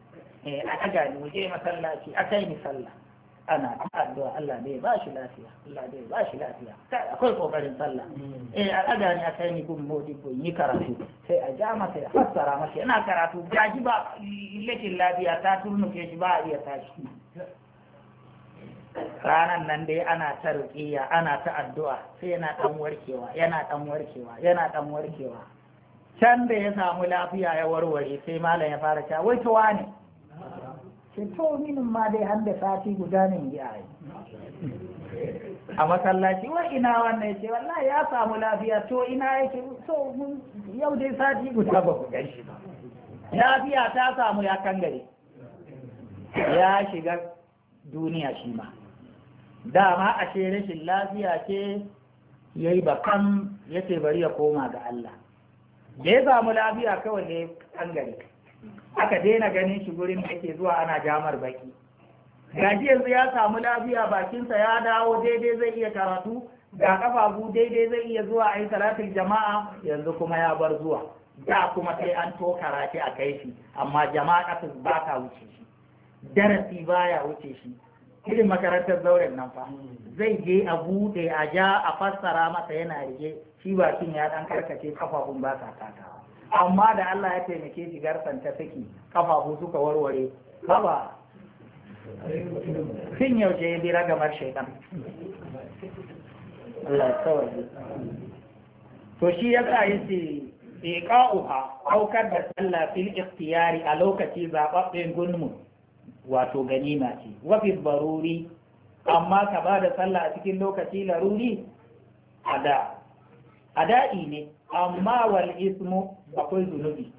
[SPEAKER 1] eh, a ɗaga ni mu je masallaci akai ni sallah ana ta addu'a Allah bai ba shi lafiya Allah bai ba shi lafiya kai akwai kokarin sallah eh a ne ni akai ni gun modi ko yi karatu sai a ja masa ya fassara masa yana karatu ji ba illatin lafiya ta turnu ke shi ba a iya tashi ranan nan dai ana ta ruqiyya ana ta addu'a sai yana dan warkewa yana dan warkewa yana dan warkewa can da ya samu lafiya ya warware sai malam ya fara cewa wai to wani minin ma dai har sati guda ne yi a a masallaci wa ina wannan ce wallahi ya samu lafiya to ina yake so mun yau dai sati guda ba ku gashi ba lafiya ta samu ya kangare ya shiga duniya shi ma dama a ce rashin lafiya ce ya yi bakan ya ce bari ya koma ga Allah da ya samu lafiya kawai ne kangare aka daina ganin shi gurin da ke zuwa ana jamar baki gashi yanzu ya samu lafiya bakinsa ya dawo daidai zai iya karatu ga kafafu daidai zai iya zuwa a yi salatin jama'a yanzu kuma ya bar zuwa da kuma sai an to karatu a kai shi amma jama'a ba ta wuce shi darasi baya wuce shi irin makarantar zauren nan fa zai je a buɗe a ja a fassara masa yana rige shi bakin ya dan karkace kafafun ba sa takawa amma da Allah ya taimake shi garsan ta saki kafafu suka warware kaba. tun yaushe ya bira gamar shaidan Allah ya to shi ya sa yace iqa'uha aukar da sallah fil ikhtiyari a lokaci zababben gunmu wato ganima ce wa baruri amma ka ba da sallah a cikin lokaci laruri a ada'i ne amma wal ismu akwai zunubi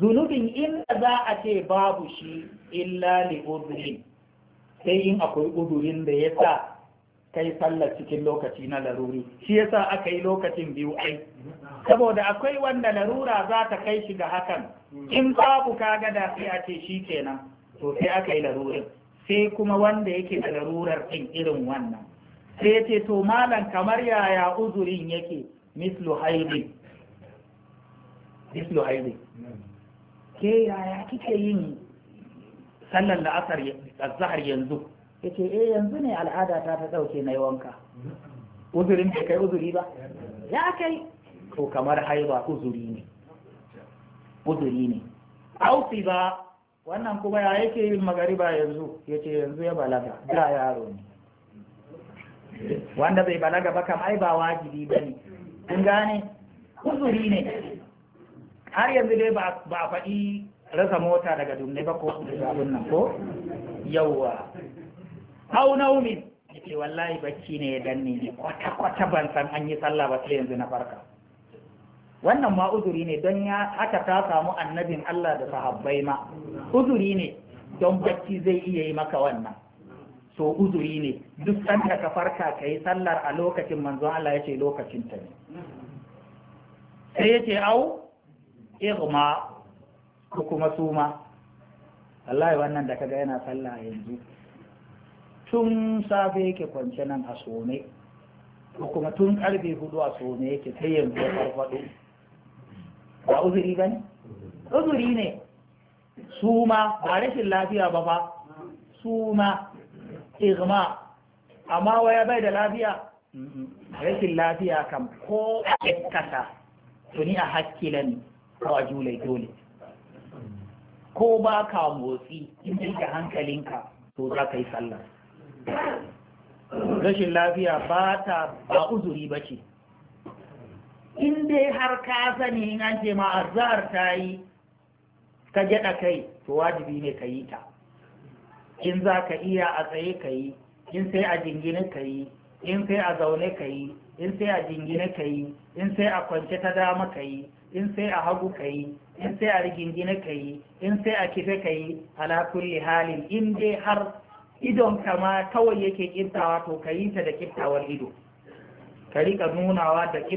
[SPEAKER 1] zunubin inda za a ce babu shi illa li udrin sai in akwai udurin da ya sa kai sallar cikin lokaci na laruri shi yasa aka yi lokacin biyu ai saboda akwai wanda larura za ta kai shi ga hakan in babu kaga da sai a ce shi kenan to sai aka yi larurin sai kuma wanda yake da larurar ɗin irin wannan sai ce to malam kamar yaya uzurin yake mislu haidi mislu haidi ke yaya kike yin sallar la'asar zahar yanzu yace eh yanzu ne al'ada ta ta dauke na wanka uzurin ke kai uzuri ba ya kai Ko kamar haiba uzuri ne uzuri ne ausi ba wannan kuma ya yake yin magariba yanzu yace yanzu ya balaga da yaro ne wanda bai balaga ba kam ai ba wajibi bane kun gane uzuri ne har yanzu dai ba a faɗi rasa mota daga dumne ba ko daga abin nan ko yawwa hau na naumin ke wallahi bacci ne ya danne ne kwata-kwata ban san an yi sallah ba sai yanzu na farka wannan ma uzuri ne don ya haka ta samu annabin Allah da sahabbai ma uzuri ne don bacci zai iya yi maka wannan so uzuri ne duk sanda ka farka ka yi sallar a lokacin manzo Allah ya ce lokacin ta ne sai ya ce au irma ko kuma suma wallahi wannan da kaga yana sallah yanzu tun safe yake kwance nan a sone ko kuma tun karfe hudu a sone yake ta yanzu ya farfado ba uzuri ba ne uzuri ne suma ba rashin lafiya ba fa suma irma amma waya bai da lafiya rashin lafiya kan ko kasa tuni a hakkilan rajulai dole ko ba ka motsi in da hankalinka to za ka yi sallah rashin lafiya ba ta ba uzuri ba ce in dai har ka sani in an ce ma azhar ta yi ka gyaɗa kai to wajibi ne ka yi ta in za ka iya a tsaye ka yi in sai a jingine ka yi in sai a zaune ka yi in sai a jingine ka yi in sai a kwance ta dama ka yi in sai a hagu ka yi in sai a rigingine ka yi in sai a kife ka yi ala kulli halin in dai har idon kama kawai yake kiftawa to ka yi ta da kiftawar ido ka rika nunawa da ka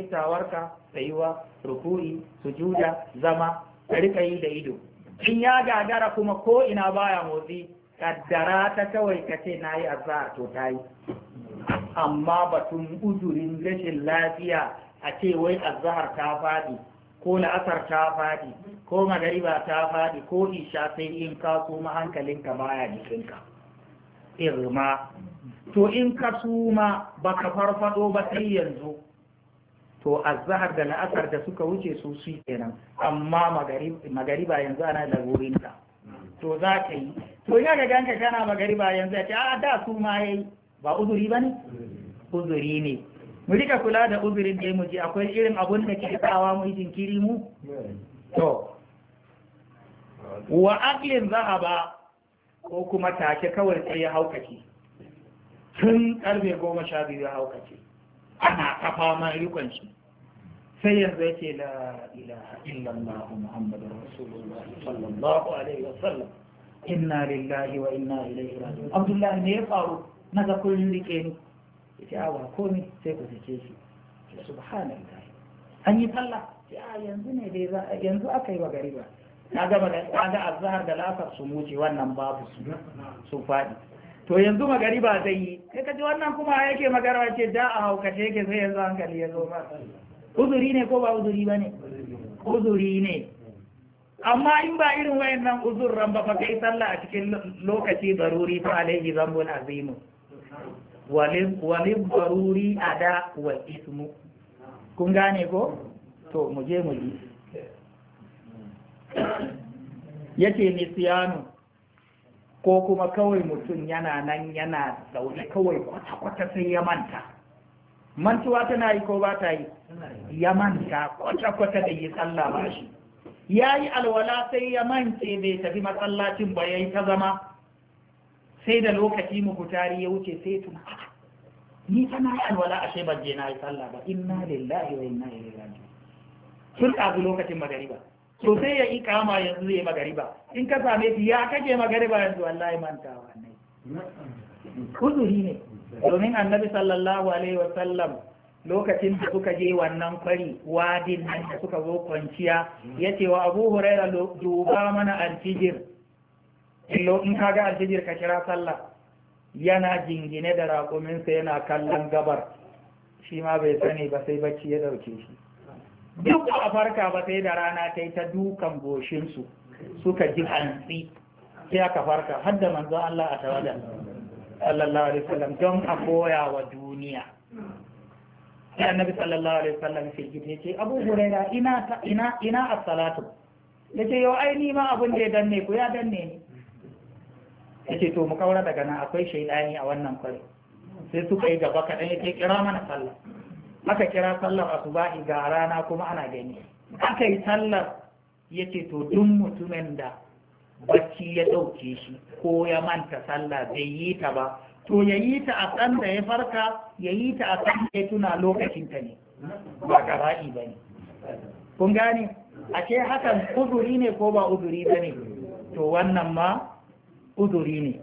[SPEAKER 1] tsayuwa ruku'i sujuda zama ka rika yi da ido in ya gagara kuma ko ina baya motsi kaddara ta kawai ka ce na yi azza to ta yi amma batun uzurin rashin lafiya a ce wai azahar ta faɗi ko la'asar ta faɗi ko magariba ta faɗi ko isha sai in ka suma hankalinka baya jikinka irma to in ka suma baka farfado ba sai yanzu to azahar da la'asar da suka wuce su su kenan amma magariba yanzu ana da wurinka. to za ka yi to ina ga ganka kana magariba yanzu a ce a da su ma yayi ba uzuri ba ne uzuri ne mu rika kula da uzurin da mu muji akwai irin abun da ke tsawa mu jinkiri mu
[SPEAKER 2] to wa
[SPEAKER 1] aklin zahaba ko kuma take kawai sai ya haukace tun karfe goma sha biyu ya haukace ana kafa man rikon shi sai yanzu ya ce la ilaha illallah muhammadu rasulullah sallallahu alaihi wasallam inna lillahi wa inna ilaihi raji'un abdullahi ne ya faru na ga kullum rike ni yace a ah, ba sai ku sake shi ya subhanallah an yi sallah ya ah, yanzu ne dai za yanzu aka yi wa gari ba na gama da kaga azhar da lafar su muce wannan babu su su fadi to yanzu ba zai yi sai ka ji wannan kuma yake magarwa ce da a haukace yake sai yanzu hankali ya zo ba uzuri ne ko ba uzuri ba ne uzuri ne amma in ba irin wayannan uzurran ba fa kai sallah a cikin lokaci daruri fa alaihi zambun azimu walin baruri a da wa ismu kun gane ko to mu je mu yi yake nisiyanu ko kuma kawai mutum yana nan yana zaune kawai kwata-kwata sai ya manta mantuwa tana yi ko ba ta yi ya manta kwata-kwata da yi tsalla ba shi ya yi alwala sai ya mance bai tafi masallacin ba ya yi ta zama sai da lokaci mu hutari ya wuce sai tuna ah, ni kana na alwala ashe ban je na yi sallah ba inna lillahi wa inna ilaihi raji'un sun ɗazu lokacin magariba to sai ya kama yanzu ya magariba in ka same shi ya kake magariba yanzu wallahi mantawa ne kuzuri ne domin annabi sallallahu alaihi wa sallam lokacin da suka je wannan kwari wadin nan da suka zo kwanciya ya ce wa abu huraira duba mana alfijir illo in ka ga ka kira sallah yana jingine da raƙuminsa yana kallon gabar shi ma bai sani ba sai bacci ya dauke shi duk a farka ba sai da rana ta yi ta dukan goshinsu suka ji hantsi sai aka farka har da manzon Allah a tawada sallallahu alaihi wasallam don a koya wa duniya sai annabi sallallahu alaihi wasallam sai gidi ce abu huraira ina ina ina as-salatu yace yau ai ni ma abun da ya danne ku ya danne ni yace to mu kaura daga nan akwai shaidani a wannan kwari sai suka yi gaba kaɗan yake kira mana sallah aka kira sallar asubahi ga rana kuma ana gani aka yi sallar yace to duk mutumin da bacci ya ɗauke shi ko ya manta sallah bai yi ta ba to ya yi ta a san da ya farka ya yi ta a san da ya tuna lokacinta ne ba ƙara'i ba ne kun gane a ce hakan uzuri ne ko ba uzuri ba ne to wannan ma uzuri ne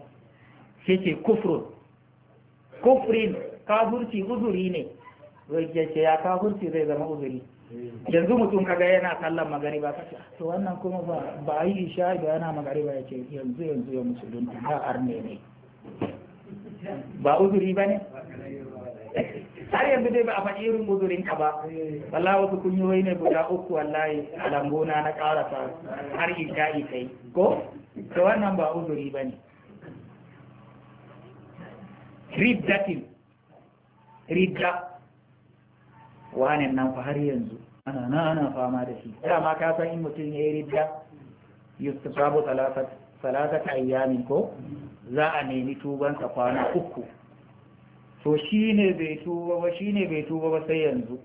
[SPEAKER 1] shi ce kufrun kufrin kafurci uzuri ne ya ce ya kafurci zai zama uzuri yanzu mutum kaga yana sallan ba kace to wannan kuma ba a yi isha da yana ya ce yanzu yanzu ya musulunta ba arne ne ba uzuri ba ne har yanzu dai ba a faɗi irin uzurin ka ba wallahi wasu kunyoyi ne guda uku wallahi a lambona na ƙarasa har isha'i kai ko to wannan ba uzuri ba ne riddatin ridda wanen nan fa har yanzu ana na ana fama da shi ma ka san in mutum ya yi ridda yusufabu salatata ayyamin ko za a nemi tubansa kwana uku to shi ne bai tuba ba shi ne bai tuba ba sai yanzu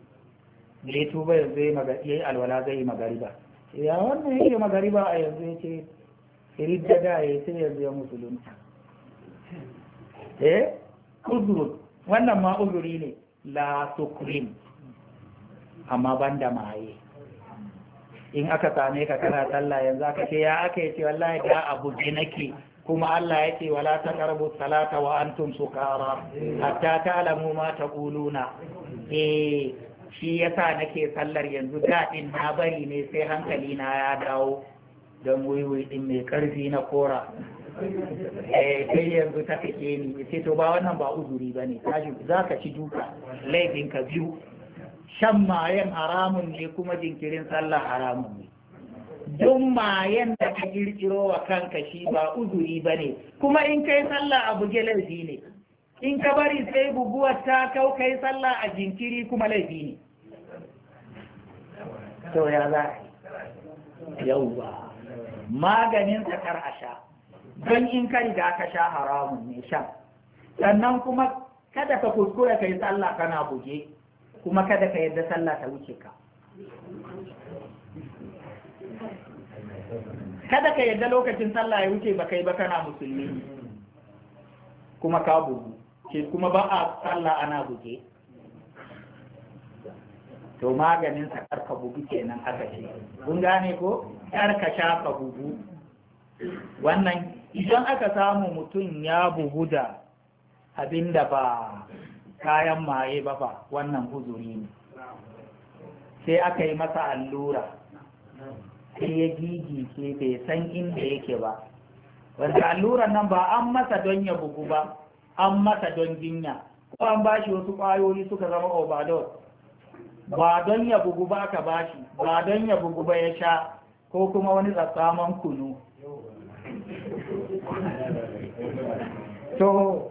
[SPEAKER 1] bai tuba yanzu ya yi alwala zai yi magariba ya wannan yake magariba a yanzu ya ce ridda da ya sai yanzu ya náà eh uzur wannan ma ne la sukrim amma banda maye in aka same ka kana sallah yanzu aka ce ya aka yace wallahi da abu nake kuma Allah ya ce wala taqrabu salata wa antum sukara hatta ta alamu ma taquluna eh shi yasa nake sallar yanzu da in na bari ne sai hankali na ya dawo don wuiwui din mai karfi na kora eh kai yanzu ta kake ni sai to ba wannan ba uzuri ba ne za ka ci duka laifinka biyu shan mayan haramun ne kuma jinkirin sallah haramun ne duk mayan da ka kirkiro wa kanka shi ba uzuri ba ne kuma in kai sallah abu buge laifi ne in ka bari sai buguwar ta kau kai sallah a jinkiri kuma laifi ne to ya za yauwa maganin tsakar a sha don in ka riga ka sha haramun ne sha sannan kuma kada ka kuskura ka yi sallah kana buge kuma kada ka yadda sallah ta wuce ka kada ka yadda lokacin sallah ya wuce ba kai ba kana musulmi kuma ka bugu ke kuma ba a sallah ana buge to maganin sa karka bugu kenan aka ce kun gane ko karka shafa bugu wannan idan aka samu mutum ya bugu da abinda ba kayan maye ba ba wannan huzuri ne sai aka yi masa allura sai ya ke bai san inda yake ba wanda alluran nan ba an masa don ya bugu ba an masa don jinya ko an bashi wasu ƙwayoyi suka zama overdose ba don ya bugu ba ka bashi ba don ya bugu ba ya sha ko kuma wani tsakaman kunu to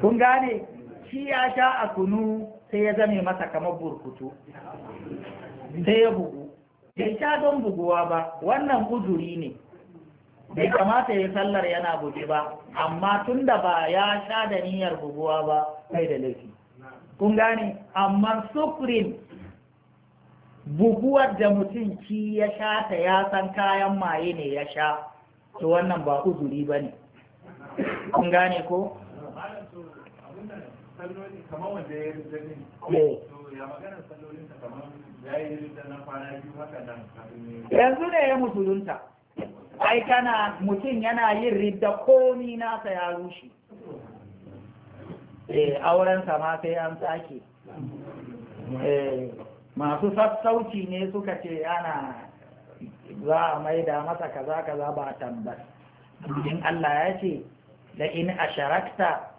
[SPEAKER 1] kun gane shi ya sha a kunu sai ya zame masa kamar burkutu sai ya bugu bai sha don buguwa ba wannan uzuri ne bai kamata ya sallar yana buge ba amma tunda ba ya sha da niyyar buguwa ba kai da laifi kun gane amma sufrin buguwar da mutum ci ya sha ta ya san kayan maye ne ya sha to wannan ba uzuri ba ne kun gane ko? Eh. yanzu ne ya musulunta ai kana mutum yana yin ridda komi nasa ya rushe eh auren ma sai an sake eh, masu sassauci ne suka ce ana za a maida masa kaza kaza ba tambas in Allah ya ce da in asharakta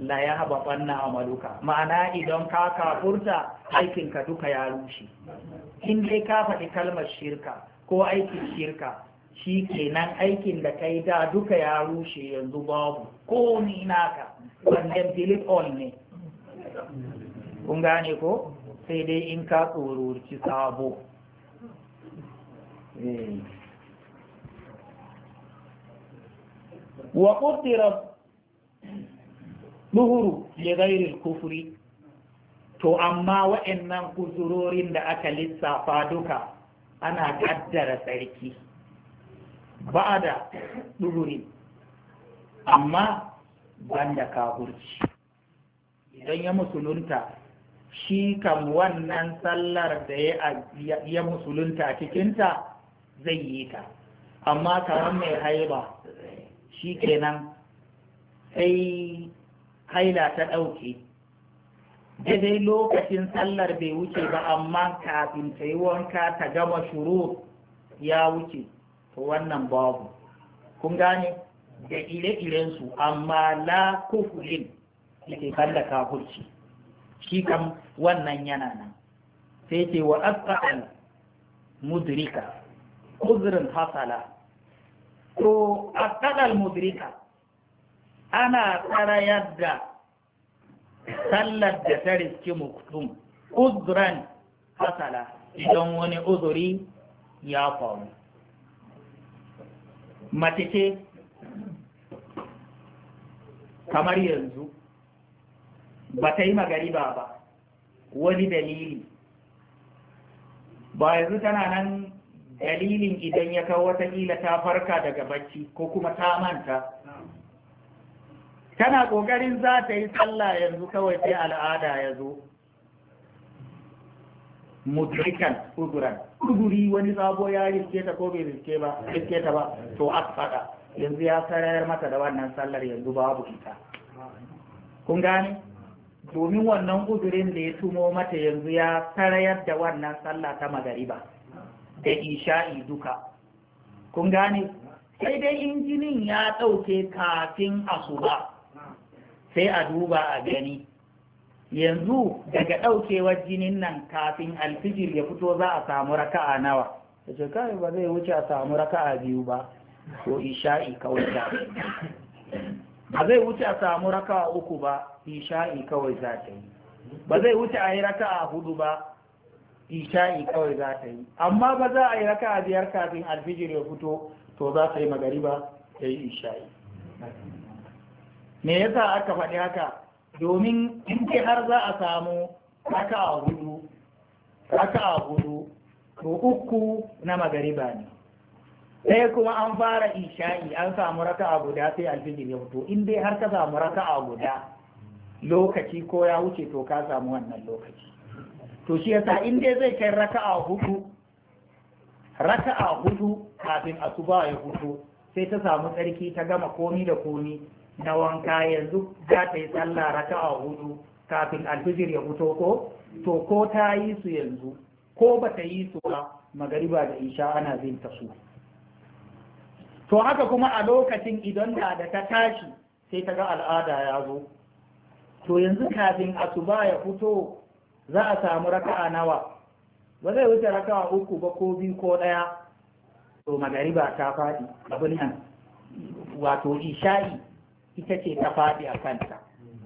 [SPEAKER 1] la ya haba banna amaluka ma'ana idan ka kafurta aikinka duka ya rushe in dai ka faɗi kalmar shirka ko aikin shirka shi kenan aikin da kai da duka ya rushe yanzu babu ko ni naka wannan philip all ne kun gane ko sai dai in ka tsororci sabo eh. wa ƙuddira duhuru ya gairin kufuri to amma wa'annan kuzurorin da aka lissafa duka ana kaddara sarki ba da ɗururi amma banda kafurci idan ya musulunta shi kam wannan sallar da ya musulunta a cikinta zai yi ta amma kamar mai haiba shi kenan sai haila ta ɗauke daidai lokacin sallar bai wuce ba amma kafin ta yi wanka ta gama shuru ya wuce wannan babu kun gane da ire-irensu amma la kufurin yake kalla kafurci shi kam wannan yana nan sai ce wa asal mudrika uzrin hasala to asal mudrika ana tsarayar da sallar da ta riski muktum uzran hasala idan wani uzuri ya faru mace ce kamar yanzu ba ta yi magariba ba wani dalili ba yanzu tana nan dalilin idan ya kawo watakila ta farka daga bacci ko kuma ta manta tana ƙoƙarin za ta yi sallah yanzu kawai sai al'ada ya zo mutrikan uzuran kuduri wani sabo ya riske ta ko bai riske ba riske ta ba to asfada yanzu ya sarayar mata da wannan sallar yanzu babu ita kun gane domin wannan kudurin da ya tumo mata yanzu ya sarayar da wannan sallah ta magariba da isha'i duka kun gane sai dai injinin ya ɗauke kafin asuba sai a duba a gani yanzu daga ɗaukewar jinin nan kafin alfijir ya fito za a samu raka'a nawa Ya ce kai ba zai wuce a samu raka'a biyu ba ko isha'i kawai za ba zai wuce a samu raka'a uku ba isha'i kawai za ta yi ba zai wuce a yi raka'a hudu ba isha'i kawai za ta yi amma ba za a yi raka'a biyar kafin alfijir ya fito to za ta yi magariba ta yi isha'i me yasa aka faɗi haka domin in ce har za a samu raka'a hudu hudu to uku na magariba ne sai kuma an fara isha'i an samu raka'a guda sai alfijir ya hutu. in dai har ka samu raka'a guda lokaci ko ya wuce to ka samu wannan lokaci to shi yasa in dai zai kai raka'a hudu raka'a hudu kafin asuba ya hutu, sai ta samu tsarki ta gama komi da komi na wanka yanzu za ta yi sallah a hudu kafin alfijir ya fito ko to ko ta yi su yanzu ko ba ta yi su ba magariba da isha ana bin ta su to haka kuma a lokacin idan da da ta tashi sai ta ga al'ada ya zo to yanzu kafin asuba ya fito za a samu raka a nawa ba zai wuce raka a uku ba ko biyu ko ɗaya to magariba ta faɗi abin nan wato isha'i ita ce ta faɗi a kanta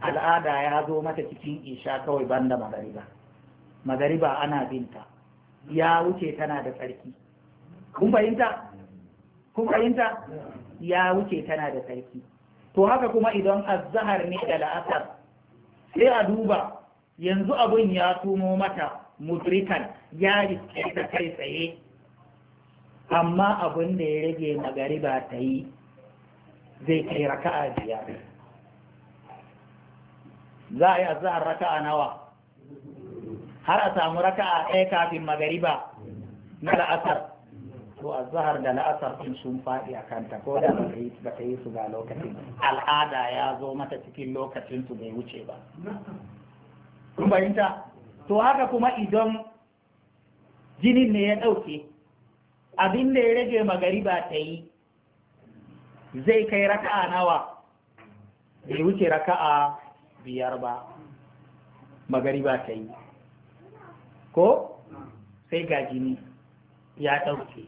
[SPEAKER 1] al'ada ya zo mata cikin isha kawai banda magariba magariba ana binta ya wuce tana da tsarki kun fahimta kun fahimta ya wuce tana da tsarki to haka kuma idan azhar ne da la'asar sai a duba yanzu abin ya tumo mata mudrikan ya riske ta kai tsaye amma abin da ya rage magariba ta yi zai kai raka'a biyar za a yi azahar raka'a nawa har a samu raka'a ɗaya kafin magariba na la'asar to zahar da la'asar sun sun faɗi a kanta ko da ba ta yi su ga lokacin al'ada ya zo mata cikin lokacin su bai wuce ba kun bayanta to haka kuma idan jinin ne ya ɗauke abin da ya rage magariba ta yi zai kai raka'a nawa bai wuce raka'a biyar ba Magari ba ta yi ko sai ga jini ya ɗauke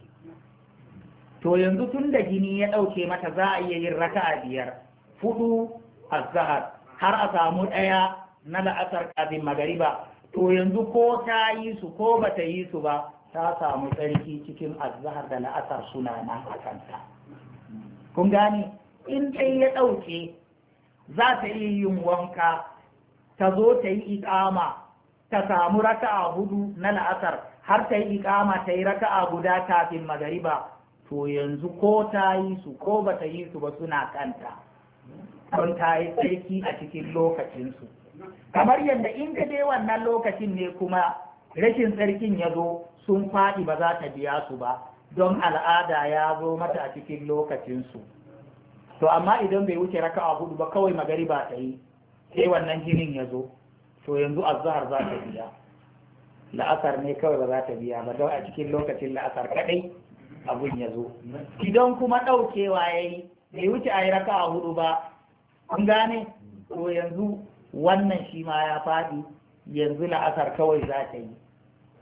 [SPEAKER 1] to yanzu tun da jini ya ɗauke mata za a iya yin raka'a biyar fudu azahar har a samu ɗaya na la'asar kafin ba. to yanzu ko ta yi su ko ba ta yi su ba ta samu tsarki cikin azahar da la'asar suna nan a kanta kun gane in dai ya ɗauke za ta yi yin wanka ta zo ta yi iƙama ta samu raka'a hudu na la'asar har ta yi iƙama ta yi raka'a guda kafin magariba to yanzu ko ta yi su ko ba ta yi su ba suna kanta don ta yi tsarki a cikin lokacinsu kamar yadda in ka dai wannan lokacin ne kuma rashin tsarkin ya zo sun faɗi ba za ta biya su ba don al'ada ya zo mata a cikin lokacinsu to amma idan bai wuce raka a hudu ba kawai ba ta yi sai wannan jinin ya zo to yanzu azhar za ta biya la'asar ne kawai ba za ta biya ba don a cikin lokacin la'asar kadai abun ya zo idan kuma ɗaukewa ya yi bai wuce a yi raka a hudu ba an gane to yanzu wannan shi ma ya faɗi yanzu la'asar kawai za ta yi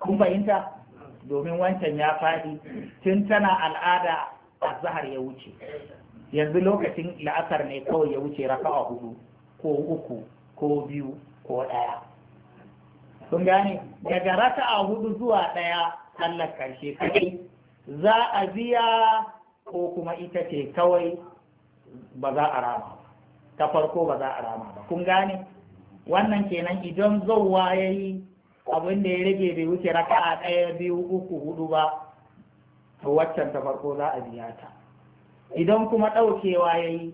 [SPEAKER 1] kun fahimta domin wancan ya faɗi tun tana al'ada a zahar ya wuce yanzu lokacin la'asar ne kawai ya wuce raka'a hudu ko uku ko biyu ko ɗaya kun gane daga raka'a hudu zuwa ɗaya Allah karshe kai za a biya ko kuma ita ce kawai ba za a rama ta farko ba za a rama ba kun gane wannan kenan idan zauwa ya yi abin da ya rage bai wuce raka a ɗaya biyu uku hudu ba to waccan ta farko za a biya ta idan kuma ɗaukewa ya yi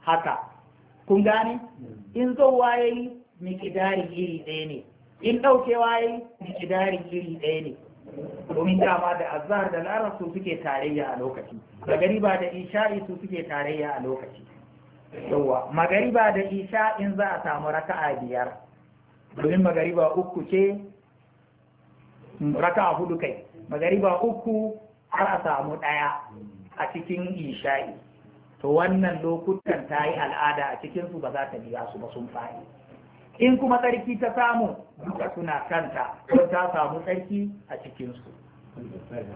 [SPEAKER 1] haka kun gane in zowa ya yi mikidarin iri ɗaya ne in ɗaukewa ya yi mikidarin iri ɗaya ne domin dama da azhar da larar su suke tarayya a lokaci magariba da isha'i su suke tarayya a lokaci Magari magariba da isha'in za a samu raka'a biyar domin magariba uku ce mm, raka hudu kai magariba uku har a samu ɗaya a cikin isha'i to wannan lokutan ta yi al'ada a cikinsu ba za ta biya su ba sun faɗi in kuma tsarki ta samu duka suna kanta don ta samu tsarki a cikinsu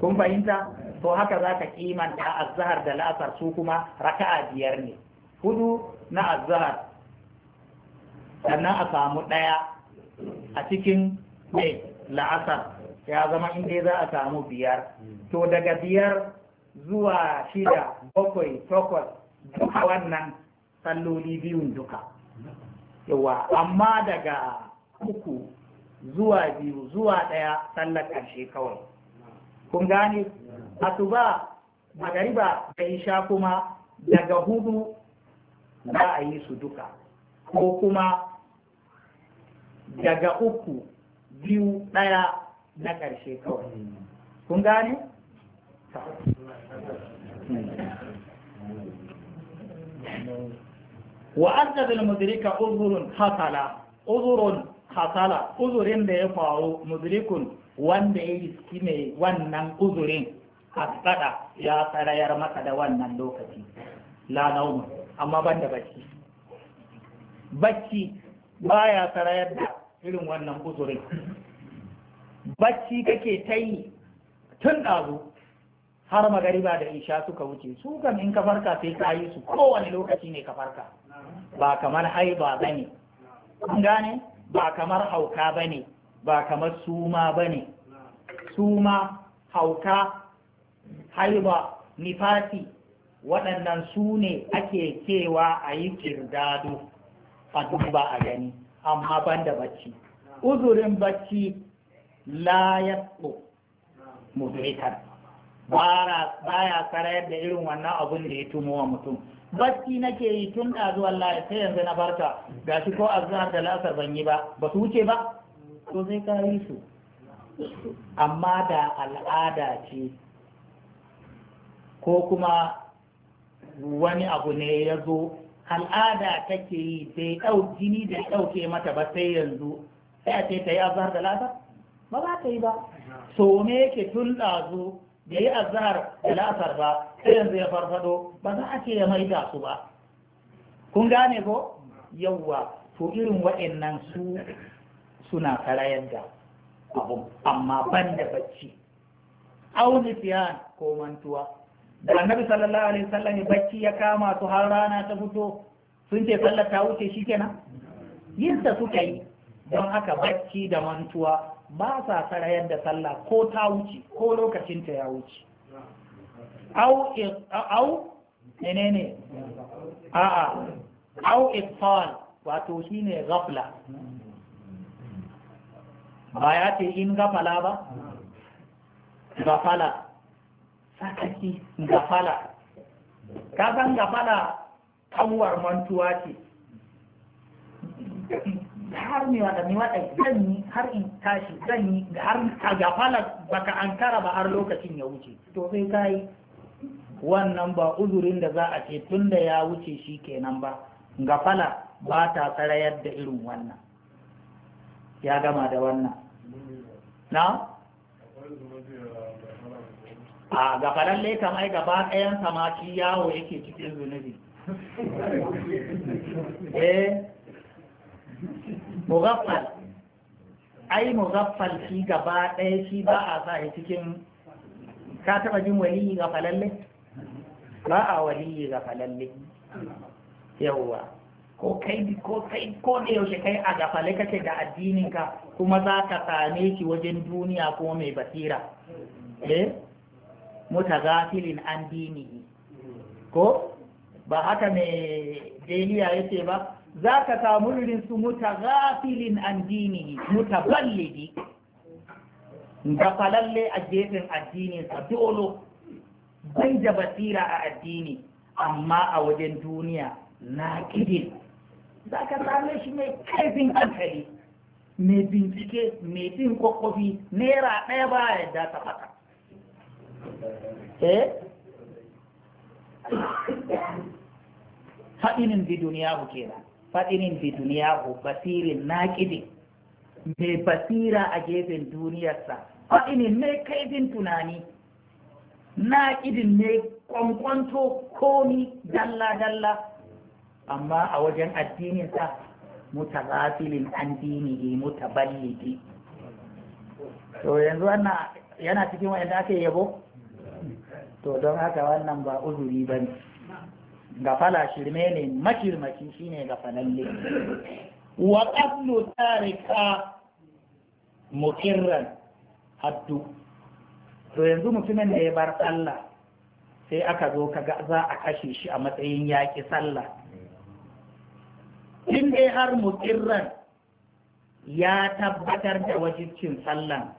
[SPEAKER 1] kun fahimta to haka za ka kimanta azahar da la'asar su kuma raka'a biyar ne hudu na azahar sannan a samu ɗaya a cikin mai la'asar ya zama inda za a samu biyar to daga biyar zuwa shida bakwai takwas duka wannan salloli biyun duka yawa amma daga uku zuwa biyu zuwa ɗaya sallar ƙarshe kawai kun gane asuba magariba da isha kuma daga hudu za a yi su duka ko kuma daga uku biyu ɗaya na ƙarshe kawai kun gane? wa asdadul mudrika uzurun hasala uzurun hasala uzurin da ya faru mudrikun wanda ya riski mai wannan uzurin asdada ya tsarayar maka da wannan lokaci la nauma amma ban da bacci bacci baya tsarayar da irin wannan uzurin bacci kake ta yi tun ɗazu har magariba da isha suka wuce su kan in ka farka sai ka yi su kowane lokaci ne ka farka ba kamar haiba ba ne an gane ba kamar hauka ba ne ba kamar suma ba ne suma hauka haiba nifasi waɗannan su ne ake kewa a yi kirdado a duba a gani amma ban da bacci uzurin bacci la ya ba baya karayar da irin wannan abun da ya tumo wa mutum bacci nake yi tun da zuwa Allah sai yanzu na barka gashi ko azhar da lasar ban yi ba ba su wuce ba to zai kare su amma da al'ada ce ko kuma wani abu ne ya zo al'ada take yi bai ɗau jini da ɗauke mata ba sai yanzu sai a ce ta yi azhar da la'asar ba za ta yi ba so me yake tun ɗazu da yi azhar da la'asar ba sai yanzu ya farfado ba za a ce ya maida su ba kun gane ko yawwa to irin waɗannan su suna karayar da abu amma ban da bacci auni fiyan ko mantuwa da annabi sallallahu alaihi wasallam bacci ya kama su har rana ta fito sun ce sallar ta wuce shikenan yin ta suka yi don haka bacci da mantuwa ba sa sarayar da sallah ko ta wuce ko lokacin ta ya wuce au au menene a'a au ifal wato shine ghafla ba ya ce in gafala ba gafala sakaki gafala ka san gafala kawar mantuwa ce har ne wada ni wada zan yi har in tashi zan yi har ka gafala baka ankara ba har lokacin ya wuce to sai ka yi wannan ba uzurin da za a ce tun da ya wuce shi kenan ba gafala ba ta tsarayar da irin wannan ya gama da wannan na a gafaran laikan ai gaba ɗayan samaki yawo yake cikin zunubi eh mugaffal ai mugaffal shi gaba ɗaya shi ba a sa cikin ka taɓa jin waliyi ga ba a waliyi ga yawwa ko kai ko kai ko da yaushe kai a gafale kake da addininka kuma za ka same shi wajen duniya ko mai basira eh mutagafilin an dini ko ba haka mai jeliya yake ba za ka samu irin su mutagafilin an dini mutaballidi falalle a gefen addininsa dolo bai da basira a addini amma a wajen duniya na ƙidin za ka same shi mai kaifin hankali mai bincike mai bin kwakwafi naira ɗaya ba yadda ta fata eh fadinin bi duniyahu kenan fadinin bi duniyahu basirin naqidi mai basira a gefen duniyarsa fadinin mai kaifin tunani naqidin ne kwankwanto komi dalla dalla amma a wajen addininsa mutagafilin an dinihi mutaballidi to yanzu yana cikin wanda ake yabo to don haka wannan ba uzuri ba ne gafala shirme ne ne shine gafalalle wa qablu tarika mukirran, haddu to yanzu mutumin da ya bar sallah sai aka zo kaga za a kashe shi a matsayin yaƙi sallah in dai har mukirran ya tabbatar da wajibcin sallah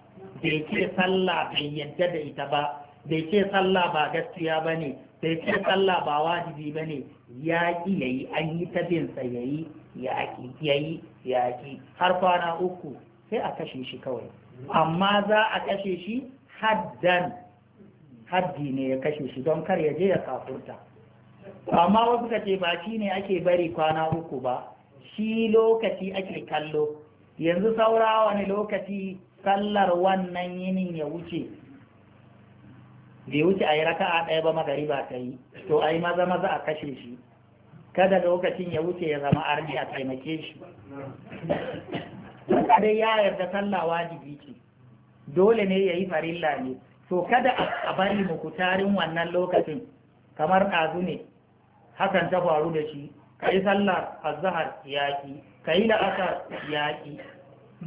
[SPEAKER 1] bai ce sallah bai yadda da ita ba bai ce sallah ba gaskiya ba ne bai ce sallah ba wajibi ba ne ya ƙi ya yi an yi ta binsa ya yi ya yi ya ƙi har kwana uku sai a kashe shi kawai amma za a kashe shi haddan haddi ne ya kashe shi don kar ya je ya kafurta amma wasu ka ce ba shi ne ake bari kwana uku ba shi lokaci ake kallo yanzu saura wani lokaci sallar wannan yinin ya wuce bai wuce a yi raka'a ɗaya ba ba ta yi to a yi maza maza a kashe shi kada lokacin ya wuce ya zama arni a taimake shi kada ya yarda sallah wajibi ce dole ne ya yi farilla ne to kada a bari mukutarin wannan lokacin kamar ɗazu ne hakan ta faru da shi ka yi sallar azahar yaƙi ka yi la'asar yaƙi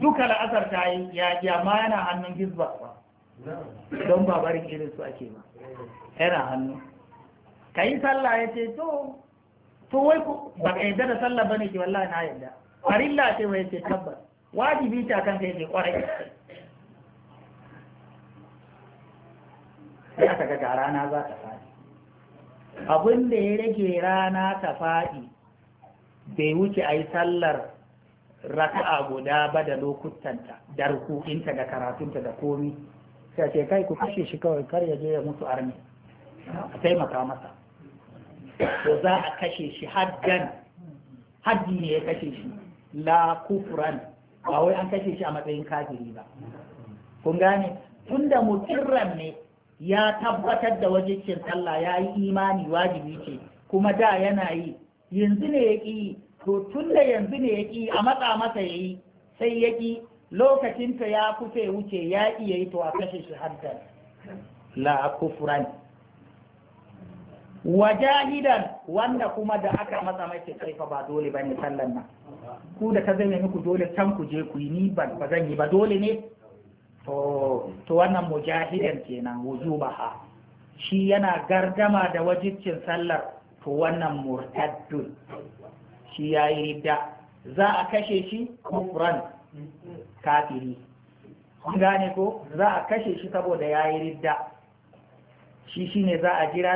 [SPEAKER 1] duka la'asar ta yi yaƙi amma yana hannun hizba don babarin irin su ake ma yana hannu ka yi sallah ya ce to to wai ba ka yadda da sallah ba ne ke wallahi na yadda farilla ce wai ce tabbas wajibi ta kanka yake kwarai sai ta ga ga rana za ta faɗi abin da ya rage rana ta faɗi bai wuce a yi sallar raka'a guda ba da lokutanta da rukukinta da karatunta da komi sai ce kai ku kashe shi kawai kar ya je ya mutu arni a taimaka masa to za a kashe shi haddan haddi ne ya kashe shi la kufran ba wai an kashe shi a matsayin kafiri ba kun gane tunda mutirran ne ya tabbatar da wajibcin Allah ya yi imani wajibi ce kuma da yana yi yanzu ne ya ƙi to tunda yanzu ne ya ƙi a matsa masa ya yi sai ya ƙi Lokacin ta ya kusa wuce ya iya yi to a kashe shi haddar. la kufran wajahidan wanda kuma da aka matsa mai kai fa ba dole bane sallan nan ku da ta zai muku dole can ku je ku yi ni ba zan yi ba dole ne to wannan mujahidan kenan ba ha. shi yana gardama da wajibcin sallar to wannan murtaddun shi yayi ridda za a kashe shi kufran kafiri kun gane ko za a kashe shi saboda yayi ridda shi shine za a jira